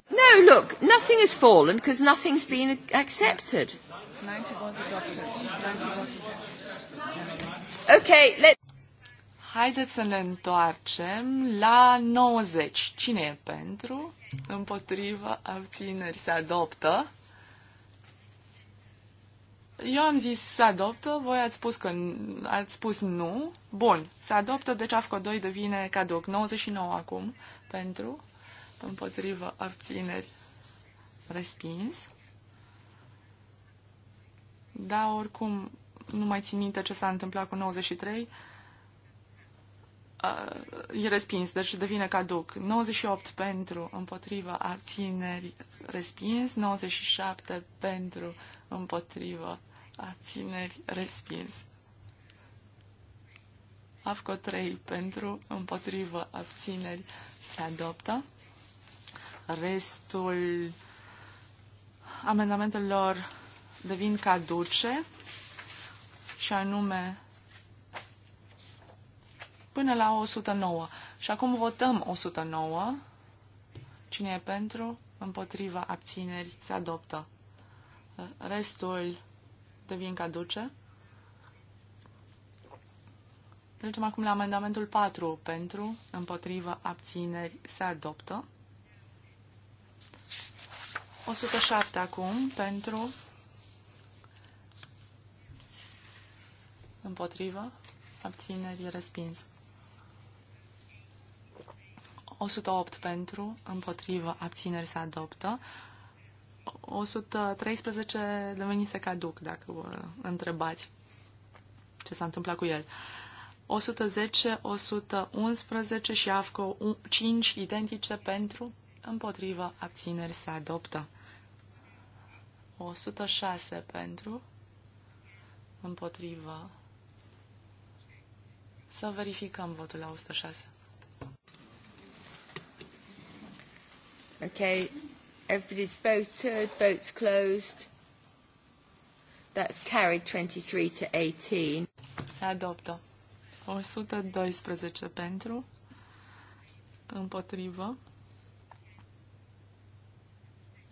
No, look, nothing has fallen because nothing's been accepted. 90 was adopted. 90 was adopted. Okay, let... Haideți să ne întoarcem la 90. Cine e pentru? Împotriva abțineri se adoptă. Eu am zis se adoptă, voi ați spus că ați spus nu. Bun, se adoptă, deci AFCO 2 devine caduc. 99 acum pentru, împotrivă, abțineri, respins. Da, oricum, nu mai țin minte ce s-a întâmplat cu 93, uh, e respins, deci devine caduc. 98 pentru, împotriva, abțineri, respins. 97 pentru, împotriva, abțineri, respins. AFCO 3 pentru, împotrivă, abțineri, se adoptă. Restul amendamentelor devin caduce și anume până la 109. Și acum votăm 109. Cine e pentru, împotriva, abțineri, se adoptă. Restul devin caduce. Trecem acum la amendamentul 4. Pentru, împotrivă, abțineri, se adoptă. 107 acum, pentru, Împotrivă. Abțineri respins. 108 pentru, împotrivă, abțineri se adoptă. 113 devenise caduc, dacă vă întrebați ce s-a întâmplat cu el. 110, 111 și AFCO 5 identice pentru, împotrivă, abțineri se adoptă. 106 pentru, împotrivă, să verificăm votul la 106. Okay, everybody's voted, votes closed. That's carried 23 to 18. Se adoptă. 112 pentru, împotrivă,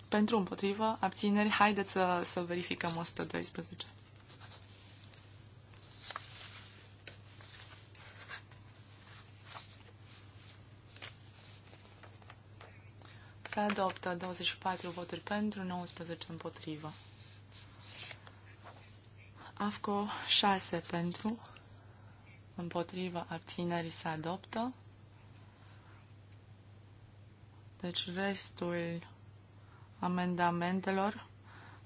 pentru împotrivă, abțineri, haideți să, să verificăm 112. se adoptă 24 voturi pentru, 19 împotrivă. AFCO 6 pentru, împotrivă, abținerii se adoptă. Deci restul amendamentelor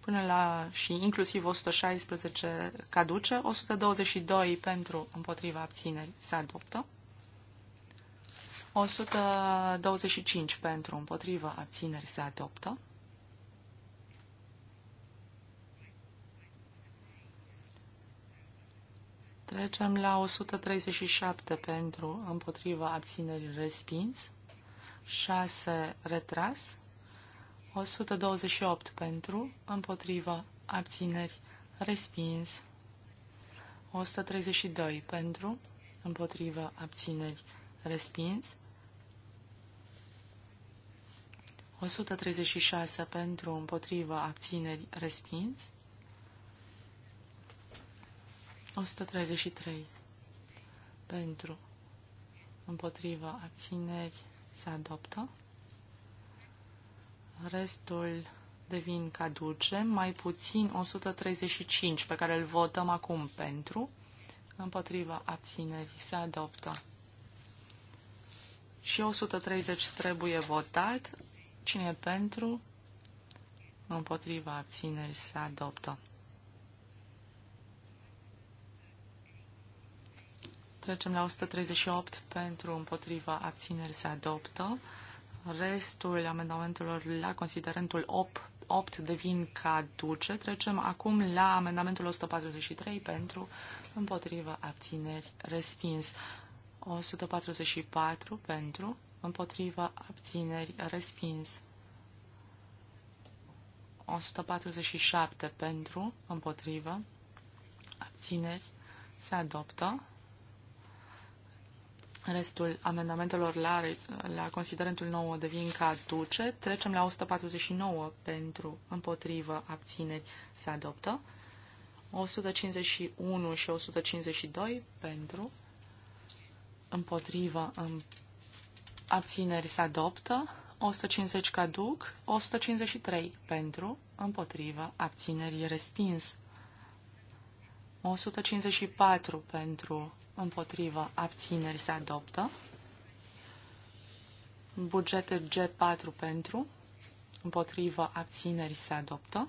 până la și inclusiv 116 caduce, 122 pentru împotriva abținerii se adoptă. 125 pentru, împotrivă, abțineri se adoptă. Trecem la 137 pentru, împotrivă, abțineri respins. 6 retras. 128 pentru, împotriva, abțineri, respins. 132 pentru, împotriva, abțineri, respins. 136 pentru împotrivă abțineri respins. 133 pentru împotrivă abțineri se adoptă. Restul devin caduce, mai puțin 135 pe care îl votăm acum pentru împotriva abținerii se adoptă. Și 130 trebuie votat Cine pentru? Împotriva abțineri se adoptă. Trecem la 138 pentru împotriva abțineri se adoptă. Restul amendamentelor la considerentul 8, 8 devin caduce. Trecem acum la amendamentul 143 pentru împotriva abțineri respins. 144 pentru împotriva, abțineri, respins. 147 pentru, împotrivă, abțineri, se adoptă. Restul amendamentelor la, la considerentul 9 devin caduce. Trecem la 149 pentru, împotrivă, abțineri, se adoptă. 151 și 152 pentru, împotrivă, abțineri se adoptă, 150 caduc, 153 pentru, împotrivă, abțineri respins. 154 pentru, împotrivă, abțineri se adoptă. Bugete G4 pentru, împotrivă, abțineri se adoptă.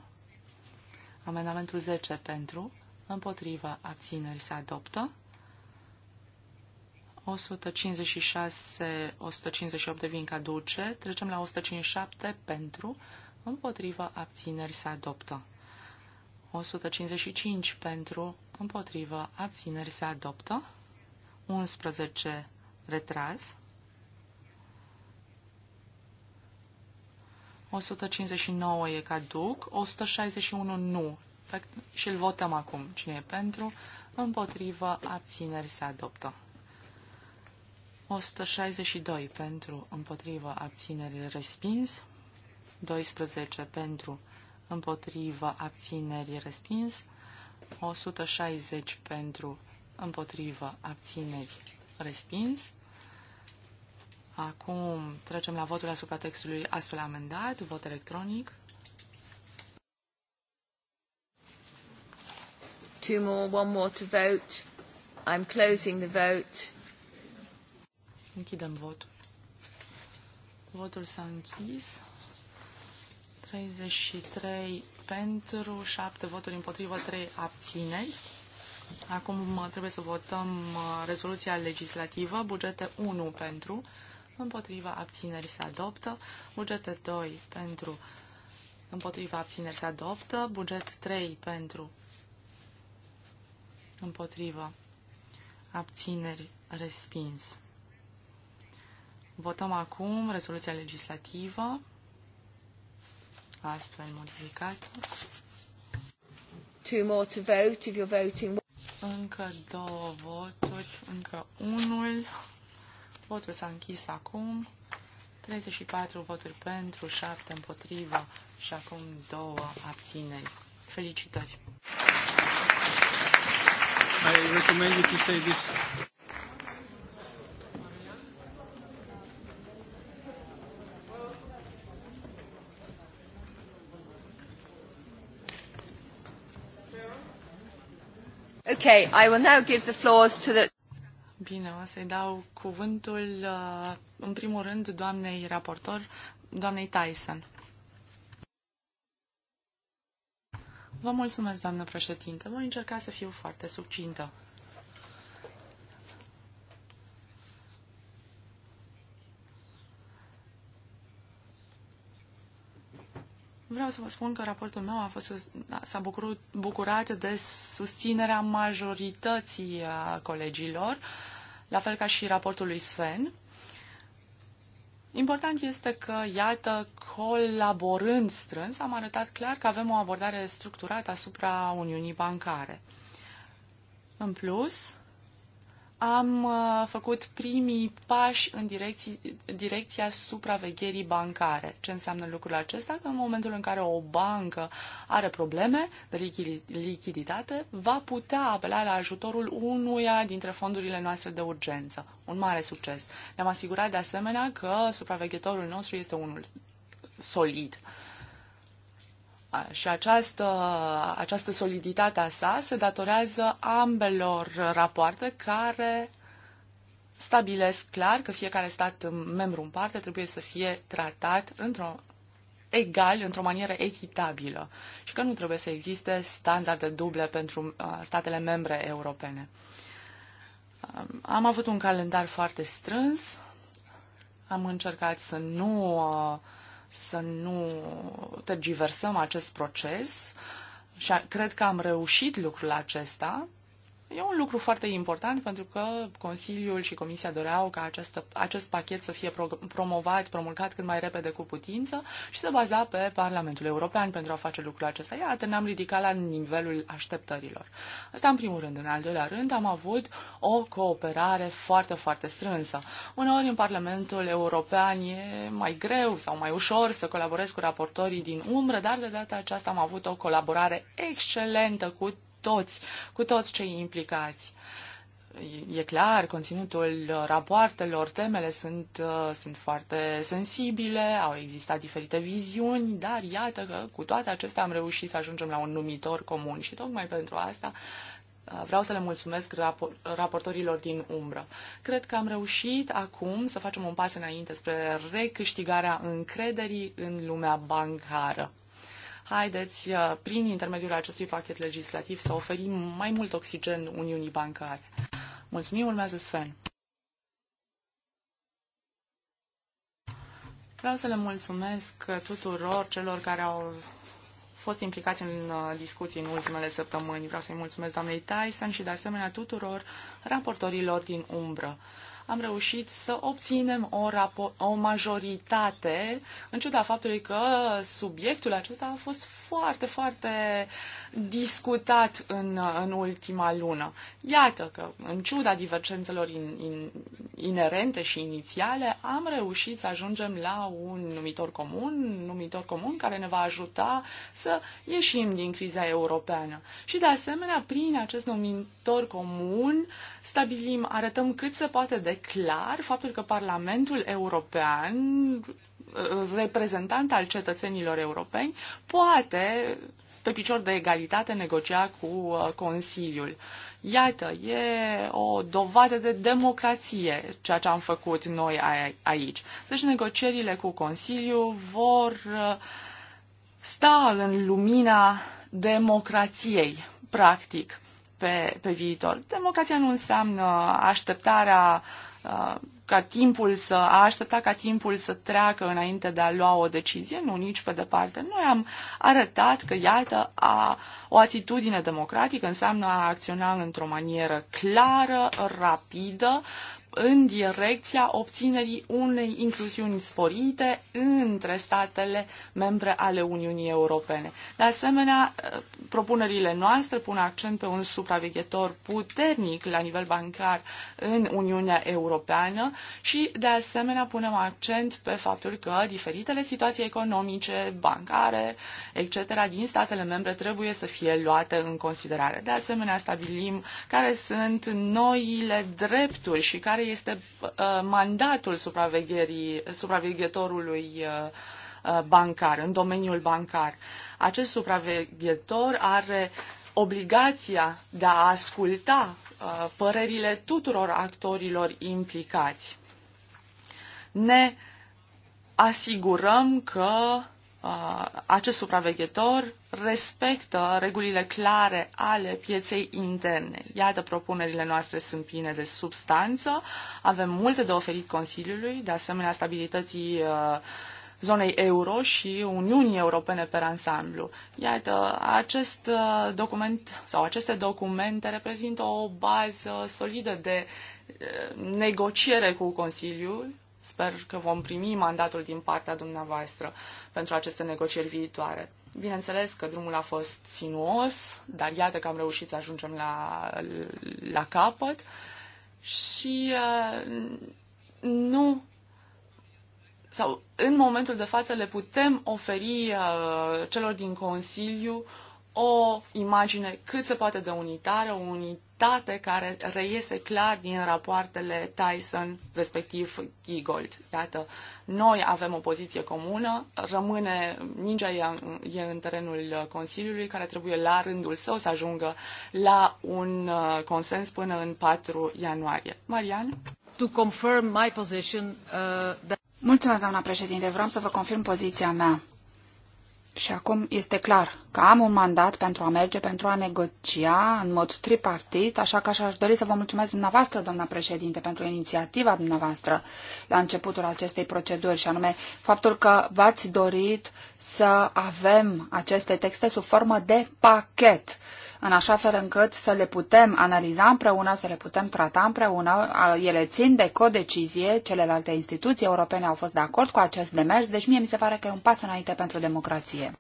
Amendamentul 10 pentru, împotrivă, abțineri se adoptă. 156, 158 devin caduce. Trecem la 157 pentru, împotriva abțineri se adoptă. 155 pentru, împotriva abțineri se adoptă. 11 retras. 159 e caduc, 161 nu. Și îl votăm acum. Cine e pentru? Împotrivă, abțineri se adoptă. 162 pentru împotrivă abținerii respins, 12 pentru împotrivă abținerii respins, 160 pentru împotrivă abțineri respins. Acum trecem la votul asupra textului astfel amendat, vot electronic. Two more, one more to vote. I'm closing the vote. Închidem votul. Votul s-a închis. 33 pentru, 7 voturi împotrivă, 3 abțineri. Acum trebuie să votăm rezoluția legislativă, bugete 1 pentru, împotriva abțineri se adoptă, bugete 2 pentru, împotriva abțineri se adoptă, buget 3 pentru, împotriva abțineri respins. Votăm acum rezoluția legislativă, astfel modificată. Two more to vote if you're voting. Încă două voturi, încă unul. Votul s-a închis acum. 34 voturi pentru, 7 împotriva și acum două abțineri. Felicitări! I recommend you to say this Okay, I will now give the floors to the... Bine, o să-i dau cuvântul, uh, în primul rând, doamnei raportor, doamnei Tyson. Vă mulțumesc, doamnă președinte. Voi încerca să fiu foarte subcintă. Vreau să vă spun că raportul meu a fost, s-a bucurut, bucurat de susținerea majorității colegilor, la fel ca și raportul lui Sven. Important este că, iată, colaborând strâns, am arătat clar că avem o abordare structurată asupra Uniunii Bancare. În plus, am uh, făcut primii pași în direcții, direcția supravegherii bancare. Ce înseamnă lucrul acesta? Că în momentul în care o bancă are probleme de lichiditate, va putea apela la ajutorul unuia dintre fondurile noastre de urgență. Un mare succes. Ne-am asigurat de asemenea că supraveghetorul nostru este unul solid. Uh, și această, această soliditate a sa se datorează ambelor rapoarte care stabilesc clar că fiecare stat membru în parte trebuie să fie tratat într-o egal, într-o manieră echitabilă și că nu trebuie să existe standarde duble pentru uh, statele membre europene. Um, am avut un calendar foarte strâns, am încercat să nu uh, să nu tergiversăm acest proces și cred că am reușit lucrul acesta E un lucru foarte important pentru că Consiliul și Comisia doreau ca acest acest pachet să fie pro, promovat, promulgat cât mai repede cu putință și să baza pe Parlamentul European pentru a face lucrul acesta. Iată, ne-am ridicat la nivelul așteptărilor. Asta în primul rând. În al doilea rând am avut o cooperare foarte, foarte strânsă. Uneori în Parlamentul European e mai greu sau mai ușor să colaborez cu raportorii din umbră, dar de data aceasta am avut o colaborare excelentă cu toți, cu toți cei implicați. E clar, conținutul rapoartelor, temele sunt, uh, sunt foarte sensibile, au existat diferite viziuni, dar iată că cu toate acestea am reușit să ajungem la un numitor comun și tocmai pentru asta uh, Vreau să le mulțumesc rapor raportorilor din umbră. Cred că am reușit acum să facem un pas înainte spre recâștigarea încrederii în lumea bancară. Haideți, uh, prin intermediul acestui pachet legislativ, să oferim mai mult oxigen Uniunii Bancare. Mulțumim, urmează Sven. Vreau să le mulțumesc tuturor celor care au fost implicați în uh, discuții în ultimele săptămâni. Vreau să-i mulțumesc doamnei Tyson și de asemenea tuturor raportorilor din umbră am reușit să obținem o, o majoritate, în ciuda faptului că subiectul acesta a fost foarte, foarte discutat în, în ultima lună. Iată că, în ciuda divergențelor in, in, inerente și inițiale, am reușit să ajungem la un numitor comun, numitor comun care ne va ajuta să ieșim din criza europeană. Și, de asemenea, prin acest numitor comun stabilim, arătăm cât se poate de clar faptul că Parlamentul European, reprezentant al cetățenilor europeni, poate pe picior de egalitate negocia cu uh, Consiliul. Iată, e o dovadă de democrație ceea ce am făcut noi aici. Deci negocierile cu Consiliul vor uh, sta în lumina democrației, practic pe, pe viitor. Democrația nu înseamnă așteptarea uh, ca timpul să a aștepta ca timpul să treacă înainte de a lua o decizie, nu nici pe departe. Noi am arătat că, iată, a, o atitudine democratică înseamnă a acționa într-o manieră clară, rapidă, în direcția obținerii unei incluziuni sporite între statele membre ale Uniunii Europene. De asemenea, eh, propunerile noastre pun accent pe un supraveghetor puternic la nivel bancar în Uniunea Europeană și, de asemenea, punem accent pe faptul că diferitele situații economice, bancare, etc., din statele membre trebuie să fie luate în considerare. De asemenea, stabilim care sunt noile drepturi și care este uh, mandatul supravegherii, supraveghetorului uh, uh, bancar, în domeniul bancar. Acest supraveghetor are obligația de a asculta părerile tuturor actorilor implicați. Ne asigurăm că acest supraveghetor respectă regulile clare ale pieței interne. Iată, propunerile noastre sunt pline de substanță, avem multe de oferit Consiliului, de asemenea stabilității uh, zonei euro și Uniunii Europene pe ansamblu. Iată, acest uh, document sau aceste documente reprezintă o bază solidă de uh, negociere cu Consiliul. Sper că vom primi mandatul din partea dumneavoastră pentru aceste negocieri viitoare. Bineînțeles că drumul a fost sinuos, dar iată că am reușit să ajungem la, la capăt și uh, nu sau în momentul de față le putem oferi uh, celor din Consiliu o imagine cât se poate de unitară, o unitate care reiese clar din rapoartele Tyson, respectiv Giggold. Iată, noi avem o poziție comună, rămâne, ninja e, e în terenul Consiliului, care trebuie la rândul său să ajungă la un uh, consens până în 4 ianuarie. Marian? To confirm my position, uh, that... Mulțumesc, doamna președinte. Vreau să vă confirm poziția mea. Și acum este clar că am un mandat pentru a merge, pentru a negocia în mod tripartit, așa că aș dori să vă mulțumesc dumneavoastră, doamna președinte, pentru inițiativa dumneavoastră la începutul acestei proceduri, și anume faptul că v-ați dorit să avem aceste texte sub formă de pachet în așa fel încât să le putem analiza împreună, să le putem trata împreună. Ele țin de codecizie, celelalte instituții europene au fost de acord cu acest demers, deci mie mi se pare că e un pas înainte pentru democrație.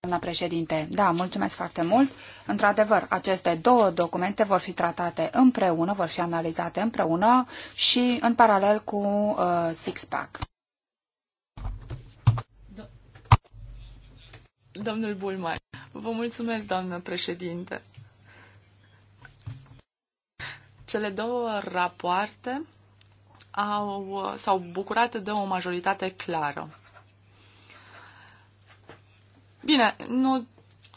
Doamna președinte, da, mulțumesc foarte mult. Într-adevăr, aceste două documente vor fi tratate împreună, vor fi analizate împreună și în paralel cu uh, Six Pack. Domnul Bulman. Vă mulțumesc, doamnă președinte. Cele două rapoarte au, s-au bucurat de o majoritate clară. Bine, nu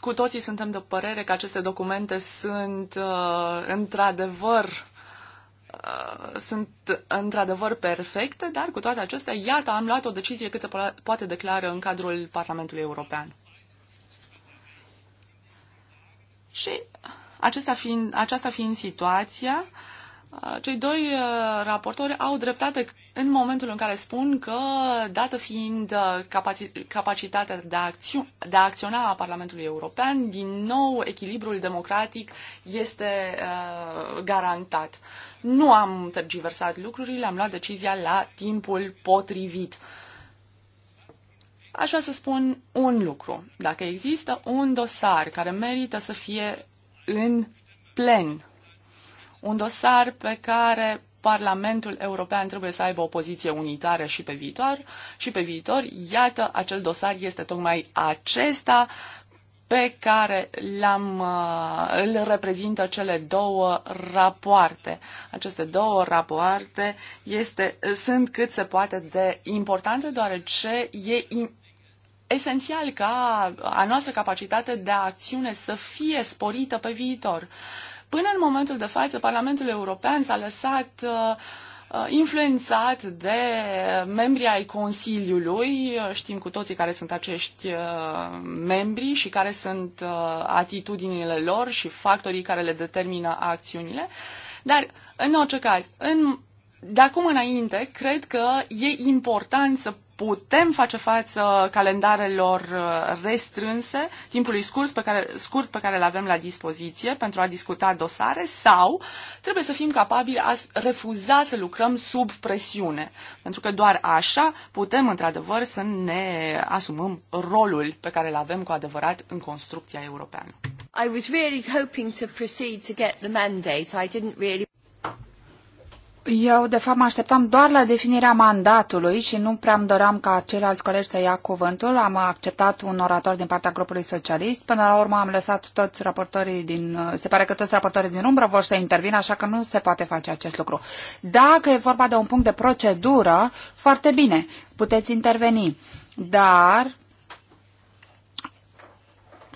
cu toții suntem de părere că aceste documente sunt uh, într-adevăr uh, sunt într-adevăr perfecte, dar cu toate acestea, iată, am luat o decizie cât se poate declară în cadrul Parlamentului European. Și acesta fiind, aceasta fiind situația, uh, cei doi uh, raportori au dreptate în momentul în care spun că, dată fiind uh, capacitatea de, acțiu- de a acționa a Parlamentului European, din nou echilibrul democratic este uh, garantat. Nu am tergiversat lucrurile, am luat decizia la timpul potrivit. Uh, Aș vrea să spun un lucru. Dacă există un dosar care merită să fie în plen, un dosar pe care Parlamentul European trebuie să aibă o poziție unitară și pe viitor, și pe viitor, iată, acel dosar este tocmai acesta pe care l-am, uh, îl reprezintă cele două rapoarte. Aceste două rapoarte este, sunt cât se poate de importante, deoarece e esențial ca a noastră capacitate de acțiune să fie sporită pe viitor. Până în momentul de față, Parlamentul European s-a lăsat uh, uh, influențat de membrii ai Consiliului, știm cu toții care sunt acești uh, membri și care sunt atitudinile lor și factorii care le determină acțiunile. Dar, în orice caz, în, de acum înainte, cred că e important să putem face față calendarelor uh, restrânse, timpului scurt pe, care, scurt pe care îl avem la dispoziție pentru a discuta dosare sau trebuie să fim capabili a refuza să lucrăm sub presiune. Pentru că doar așa putem într-adevăr să ne asumăm rolul pe care îl avem cu adevărat în construcția europeană. I was really hoping to proceed to get the mandate. I didn't really eu, de fapt, mă așteptam doar la definirea mandatului și nu prea îmi doream ca ceilalți colegi să ia cuvântul. Am acceptat un orator din partea grupului socialist. Până la urmă am lăsat toți raportorii din... Se pare că toți raportorii din umbră vor să intervină, așa că nu se poate face acest lucru. Dacă e vorba de un punct de procedură, foarte bine, puteți interveni. Dar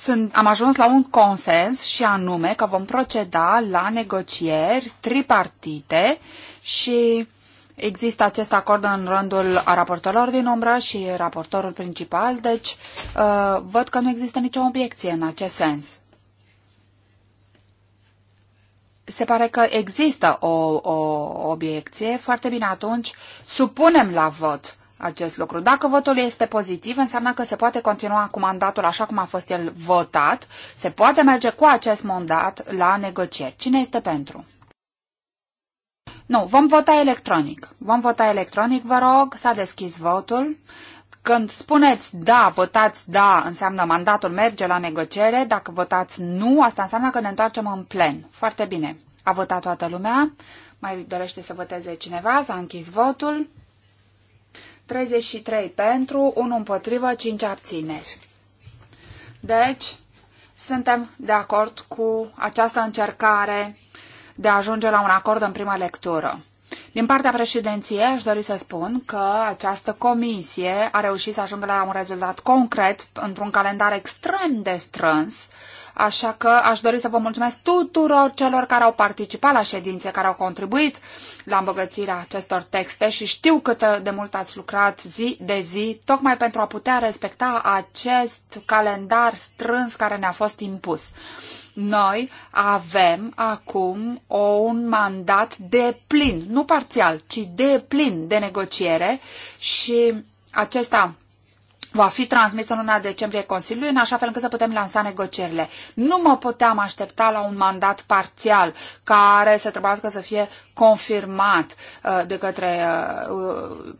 sunt, am ajuns la un consens și anume că vom proceda la negocieri tripartite și Există acest acord în rândul raportorilor din umbră și raportorul principal, deci uh, văd că nu există nicio obiecție în acest sens. Se pare că există o, o obiecție. Foarte bine, atunci supunem la vot acest lucru. Dacă votul este pozitiv, înseamnă că se poate continua cu mandatul așa cum a fost el votat, se poate merge cu acest mandat la negocieri. Cine este pentru? Nu, vom vota electronic. Vom vota electronic, vă rog, s-a deschis votul. Când spuneți da, votați da, înseamnă mandatul merge la negociere. Dacă votați nu, asta înseamnă că ne întoarcem în plen. Foarte bine. A votat toată lumea. Mai dorește să voteze cineva? S-a închis votul. 33 pentru, 1 împotrivă, 5 abțineri. Deci, suntem de acord cu această încercare de a ajunge la un acord în prima lectură. Din partea președinției aș dori să spun că această comisie a reușit să ajungă la un rezultat concret într-un calendar extrem de strâns Așa că aș dori să vă mulțumesc tuturor celor care au participat la ședințe, care au contribuit la îmbogățirea acestor texte și știu cât de mult ați lucrat zi de zi, tocmai pentru a putea respecta acest calendar strâns care ne-a fost impus. Noi avem acum un mandat de plin, nu parțial, ci de plin de negociere și acesta va fi transmisă în luna decembrie Consiliului, în așa fel încât să putem lansa negocierile. Nu mă puteam aștepta la un mandat parțial care să trebuiască să fie confirmat uh, de către uh, uh,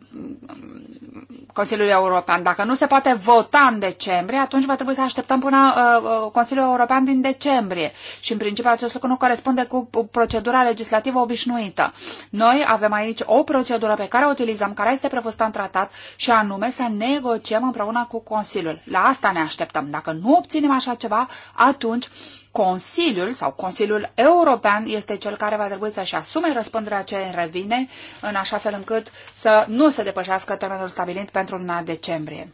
Consiliului European. Dacă nu se poate vota în decembrie, atunci va trebui să așteptăm până uh, uh Consiliul European din decembrie. Și în principiu acest lucru nu corespunde cu procedura legislativă obișnuită. Noi avem aici o procedură pe care o utilizăm, care este prevăzută în tratat și anume să negociem împreună cu Consiliul. La asta ne așteptăm. Dacă nu obținem așa ceva, atunci Consiliul sau Consiliul European este cel care va trebui să-și asume răspunderea ce în revine, în așa fel încât să nu se depășească termenul stabilit pentru luna decembrie.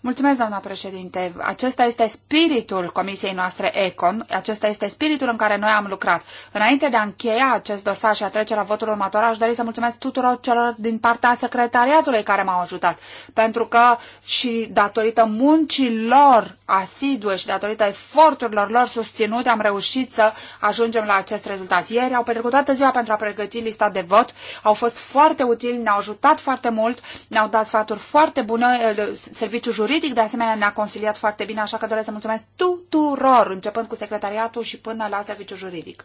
Mulțumesc, doamna președinte. Acesta este spiritul comisiei noastre ECON. Acesta este spiritul în care noi am lucrat. Înainte de a încheia acest dosar și a trece la votul următor, aș dori să mulțumesc tuturor celor din partea secretariatului care m-au ajutat. Pentru că și datorită muncii lor asidue și datorită eforturilor lor susținute, am reușit să ajungem la acest rezultat. Ieri au petrecut toată ziua pentru a pregăti lista de vot. Au fost foarte utili, ne-au ajutat foarte mult, ne-au dat sfaturi foarte bune, eh, serviciul juridic juridic, de asemenea, ne-a consiliat foarte bine, așa că doresc să mulțumesc tuturor, începând cu secretariatul și până la serviciul juridic.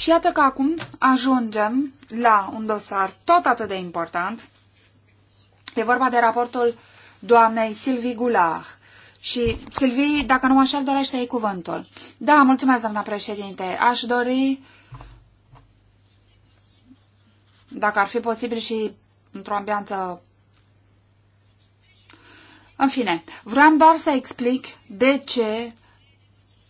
Și iată că acum ajungem la un dosar tot atât de important. E vorba de raportul doamnei Silvi Gulah. Și, Silvi, dacă nu așa, dorește să iei cuvântul. Da, mulțumesc, doamna președinte. Aș dori, dacă ar fi posibil și într-o ambianță... În fine, vreau doar să explic de ce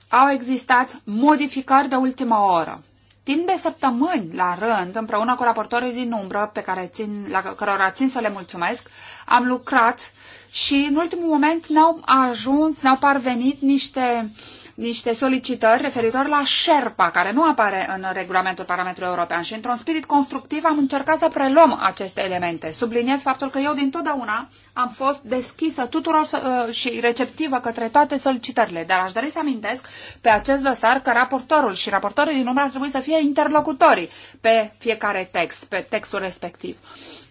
au existat modificări de ultima oră. Timp de săptămâni la rând, împreună cu raportorii din umbră, pe care țin, la cărora țin să le mulțumesc, am lucrat și în ultimul moment ne-au ajuns, ne-au parvenit niște uh, niște solicitări referitor la șerpa, care nu apare în regulamentul Parlamentului European și într-un spirit constructiv am încercat să preluăm aceste elemente. Subliniez faptul că eu din totdeauna am fost deschisă tuturor uh, și receptivă către toate solicitările, dar aș dori să amintesc pe acest dosar că raportorul și raportorii din număr ar trebui să fie interlocutorii pe fiecare text, pe textul respectiv.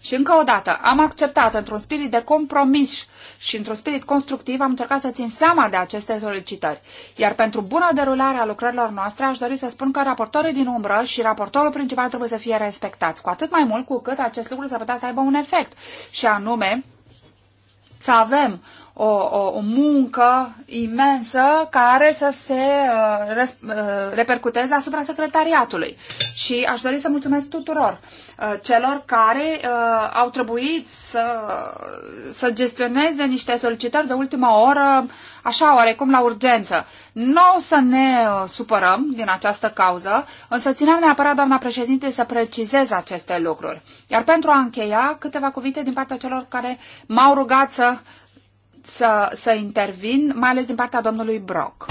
Și încă o dată, am acceptat într-un spirit de compromis și într-un spirit constructiv, am încercat să țin seama de aceste solicitări. Iar pentru bună derulare a lucrărilor noastre, aș dori să spun că raportorii din umbră și raportorul principal trebuie să fie respectați, cu atât mai mult cu cât acest lucru s-ar putea să aibă un efect, și anume să avem o, o, o muncă imensă care să se uh, res, uh, repercuteze asupra secretariatului. Și aș dori să mulțumesc tuturor uh, celor care uh, au trebuit să, să gestioneze niște solicitări de ultima oră, așa oarecum la urgență. Nu o să ne uh, supărăm din această cauză, însă ținem neapărat, doamna președinte, să precizez aceste lucruri. Iar pentru a încheia, câteva cuvinte din partea celor care m-au rugat să să, să intervin, mai ales din partea domnului Brock.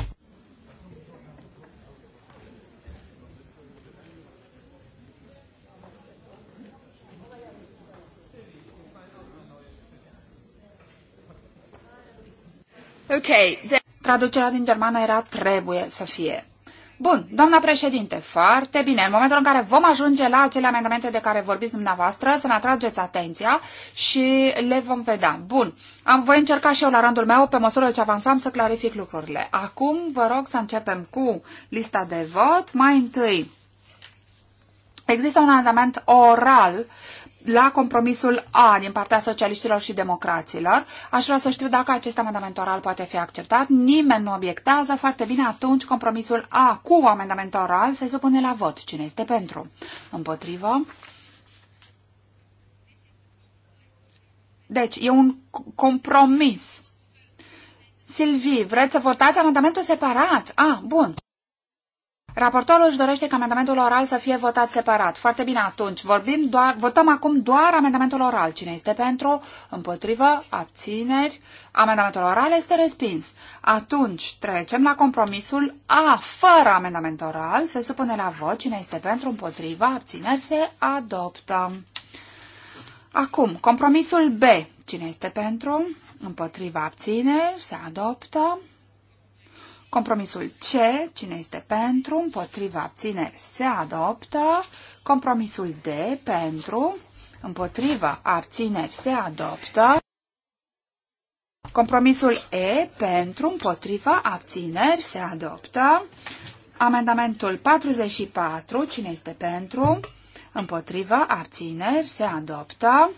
Okay. Traducerea din germană era trebuie să fie. Bun, doamna președinte, foarte bine. În momentul în care vom ajunge la acele amendamente de care vorbiți dumneavoastră, să ne atrageți atenția și le vom vedea. Bun, am, voi încerca și eu la rândul meu, pe măsură ce avansam, să clarific lucrurile. Acum vă rog să începem cu lista de vot. Mai întâi, există un amendament oral la compromisul A din partea socialiștilor și democraților. Aș vrea să știu dacă acest amendament oral poate fi acceptat. Nimeni nu obiectează. Foarte bine, atunci compromisul A cu amendament oral se supune la vot. Cine este pentru? Împotrivă. Deci, e un compromis. Silvi, vreți să votați amendamentul separat? A, ah, bun. Raportorul își dorește ca amendamentul oral să fie votat separat. Foarte bine, atunci vorbim doar, votăm acum doar amendamentul oral. Cine este pentru? Împotrivă? Abțineri? Amendamentul oral este respins. Atunci trecem la compromisul A, fără amendament oral. Se supune la vot. Cine este pentru? Împotrivă? Abțineri? Se adoptă. Acum, compromisul B. Cine este pentru? Împotriva abțineri? Se adoptă. Compromisul C, cine este pentru, împotriva abțineri, se adoptă. Compromisul D, pentru, împotriva abțineri, se adoptă. Compromisul E, pentru, împotriva abțineri, se adoptă. Amendamentul 44, cine este pentru, împotriva abțineri, se adoptă.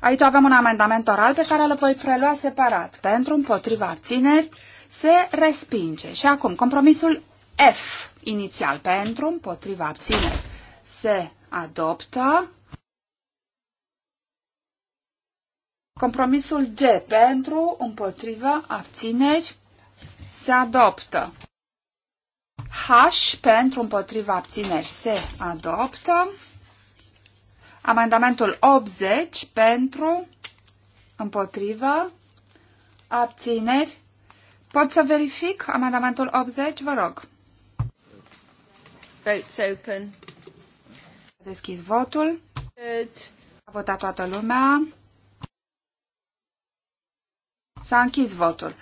Aici avem un amendament oral pe care îl voi prelua separat. Pentru, împotriva, abțineri, se respinge. Și acum, compromisul F, inițial, pentru, împotriva, abțineri, se adoptă. Compromisul G, pentru, împotriva, abțineri, se adoptă. H, pentru, împotriva, abțineri, se adoptă. Amendamentul 80 pentru, împotrivă, abțineri. Pot să verific amendamentul 80? Vă rog. Votes open. Deschis votul. Good. A votat toată lumea. S-a închis votul.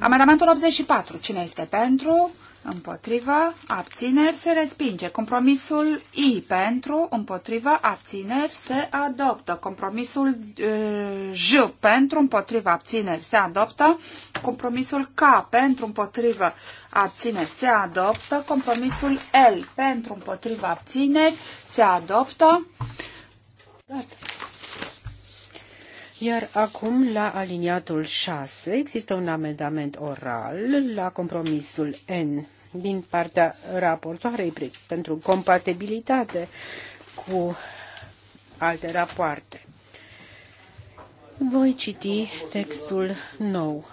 Amendamentul 84. Cine este pentru? împotrivă, abțineri, se respinge. Compromisul I pentru, împotrivă, abțineri, se adoptă. Compromisul eh, J pentru, împotrivă, abțineri, se adoptă. Compromisul K pentru, împotrivă, abțineri, se adoptă. Compromisul L pentru, împotrivă, abțineri, se adoptă. Iar acum, la aliniatul 6, există un amendament oral la compromisul N din partea raportoarei pentru compatibilitate cu alte rapoarte. Voi citi textul nou.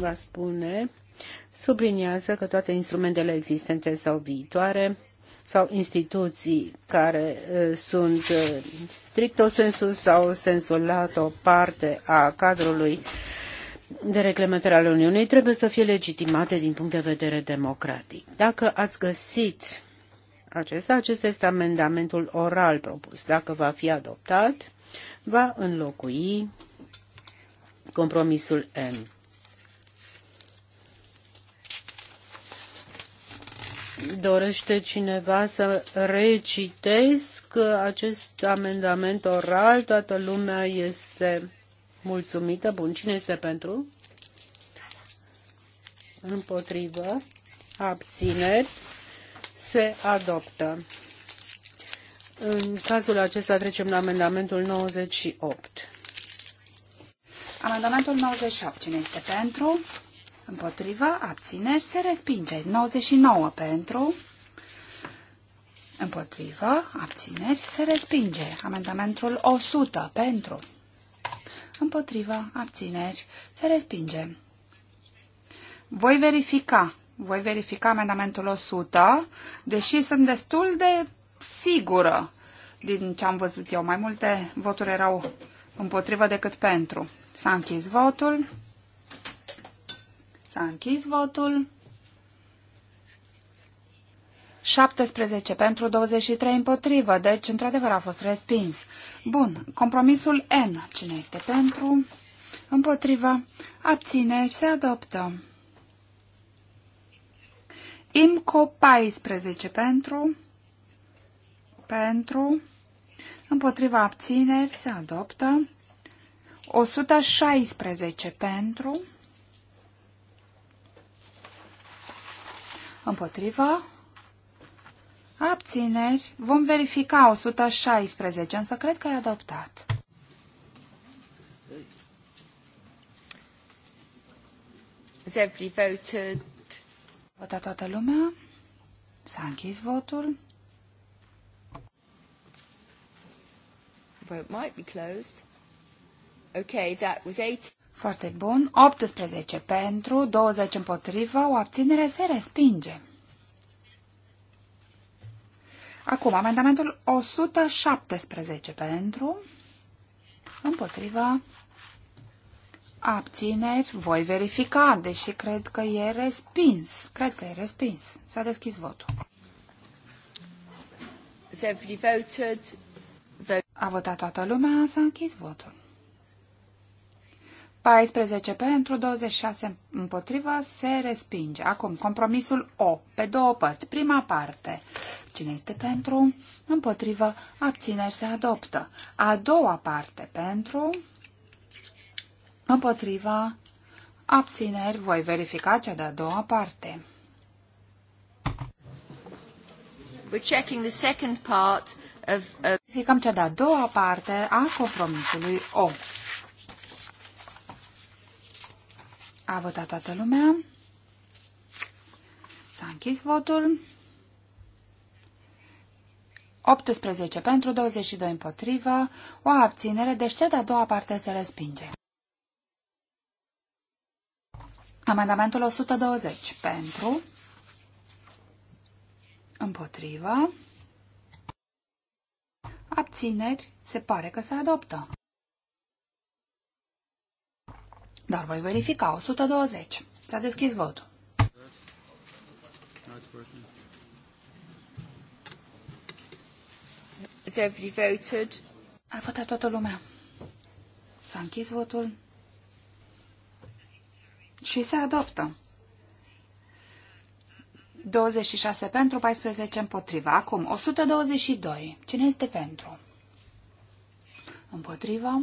Va spune, subliniază că toate instrumentele existente sau viitoare sau instituții care sunt stricto sensul sau sensul o parte a cadrului uh, de reglementare ale Uniunii trebuie să fie legitimate din punct de vedere democratic. Dacă ați găsit acesta, acesta este amendamentul oral propus. Dacă va fi adoptat, va înlocui compromisul M. Dorește cineva să recitesc acest amendament oral? Toată lumea este Mulțumită. Bun. Cine este pentru? Împotrivă. Abțineri. Se adoptă. În cazul acesta trecem la amendamentul 98. Amendamentul 98. Cine este pentru? Împotrivă. Abțineri. Se respinge. 99 pentru. Împotrivă. Abțineri. Se respinge. Amendamentul 100 pentru împotriva, abțineri, se respinge. Voi verifica, voi verifica amendamentul 100, deși sunt destul de sigură din ce am văzut eu. Mai multe voturi erau împotrivă decât pentru. S-a închis votul. S-a închis votul. 17 pentru 23 împotrivă, deci într-adevăr a fost respins. Bun, compromisul N. Cine este pentru? Împotrivă. Abține. Se adoptă. IMCO 14 pentru, pentru, împotriva abțineri se adoptă, 116 pentru, împotriva, Abțineri. Vom verifica 116, însă cred că ai adoptat. Has voted? Vota toată lumea. S-a închis votul. Vote might be closed. Okay, that was eight. Foarte bun. 18 pentru, 20 împotrivă, o abținere se respinge. Acum, amendamentul 117 pentru, împotriva, abțineri, voi verifica, deși cred că e respins. Cred că e respins. S-a deschis votul. A votat toată lumea, s-a închis votul. 14 pentru, 26 împotrivă, se respinge. Acum, compromisul O, pe două părți. Prima parte, Cine este pentru? Împotrivă. Abțineri se adoptă. A doua parte pentru. Împotriva. Abțineri. Voi verifica cea de-a doua parte. We're checking the second part of, of... Verificăm cea de-a doua parte a compromisului O. A votat toată lumea. S-a închis votul. 18 pentru, 22 împotrivă, o abținere, deci cea de-a doua parte se respinge. Amendamentul 120 pentru, împotrivă, abțineri, se pare că se adoptă. Dar voi verifica 120. S-a deschis votul. voted? A votat toată lumea. S-a închis votul și se adoptă. 26 pentru, 14 împotriva. Acum, 122. Cine este pentru? Împotriva.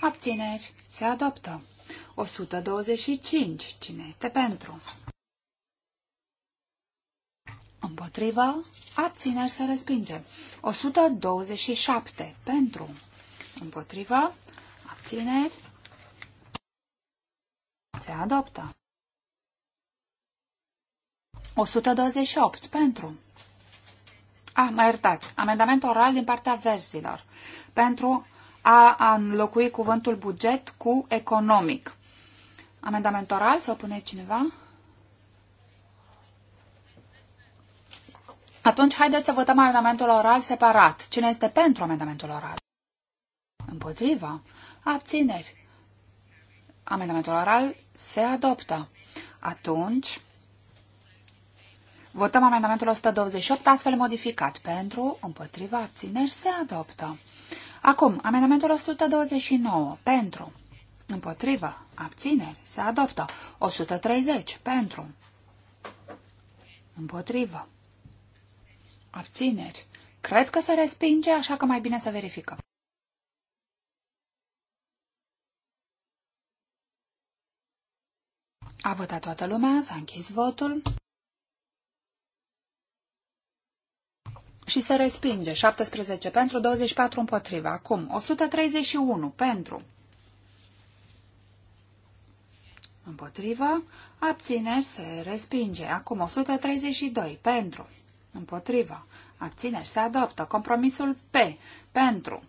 Abțineri. Se adoptă. 125. Cine este pentru? Împotriva. Abțineri se respinge. 127. Pentru. Împotriva. Abțineri. Se adoptă. 128. Pentru. Ah, mă iertați. Amendament oral din partea versilor. Pentru a, înlocui cuvântul buget cu economic. Amendament oral, să o pune cineva? Atunci, haideți să votăm amendamentul oral separat. Cine este pentru amendamentul oral? Împotriva. Abțineri. Amendamentul oral se adoptă. Atunci, votăm amendamentul 128 astfel modificat. Pentru, împotriva, abțineri se adoptă. Acum, amendamentul 129. Pentru, împotriva, abțineri se adoptă. 130. Pentru, împotriva, Abțineri. Cred că se respinge, așa că mai bine să verificăm. A votat toată lumea, s-a închis votul. Și se respinge. 17 pentru, 24 împotriva. Acum, 131 pentru. Împotriva, abțineri, se respinge. Acum, 132 pentru. Împotriva. Abțineri. Se adoptă. Compromisul P. Pentru.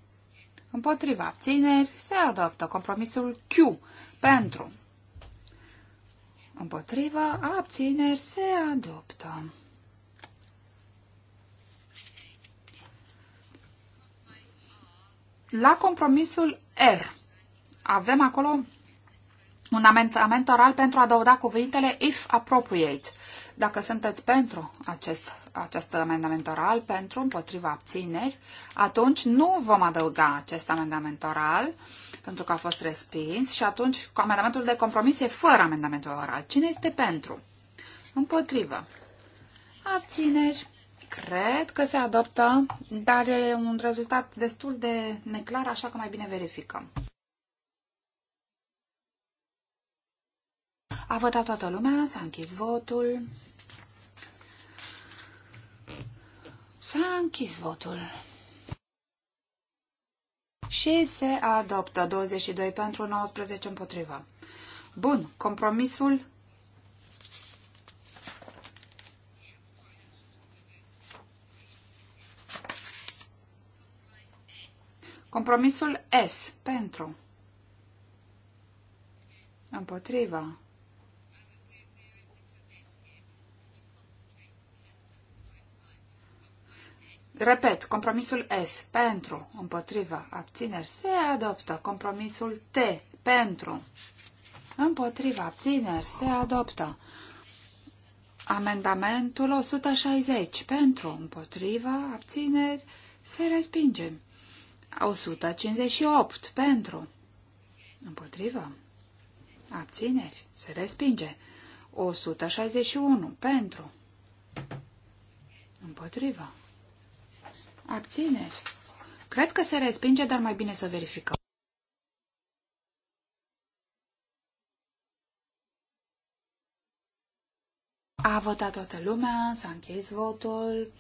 Împotriva. Abțineri. Se adoptă. Compromisul Q. Pentru. Împotriva. Abțineri. Se adoptă. La compromisul R. Avem acolo un amendament oral pentru a adăuga cuvintele if appropriate. Dacă sunteți pentru acest, acest amendament oral, pentru, împotriva abțineri, atunci nu vom adăuga acest amendament oral, pentru că a fost respins, și atunci amendamentul de compromis e fără amendamentul oral. Cine este pentru? Împotrivă. Abțineri. Cred că se adoptă, dar e un rezultat destul de neclar, așa că mai bine verificăm. A votat toată lumea, s-a închis votul. S-a închis votul. Și se adoptă 22 pentru 19 împotriva. Bun, compromisul Compromisul S pentru împotriva Repet, compromisul S pentru, împotriva, abțineri se adoptă. Compromisul T pentru, împotriva, abțineri se adoptă. Amendamentul 160 pentru, împotriva, abțineri se respinge. 158 pentru, împotriva, abțineri se respinge. 161 pentru, împotriva. Abțineri. Cred că se respinge, dar mai bine să verificăm. A votat toată lumea, s-a închis votul.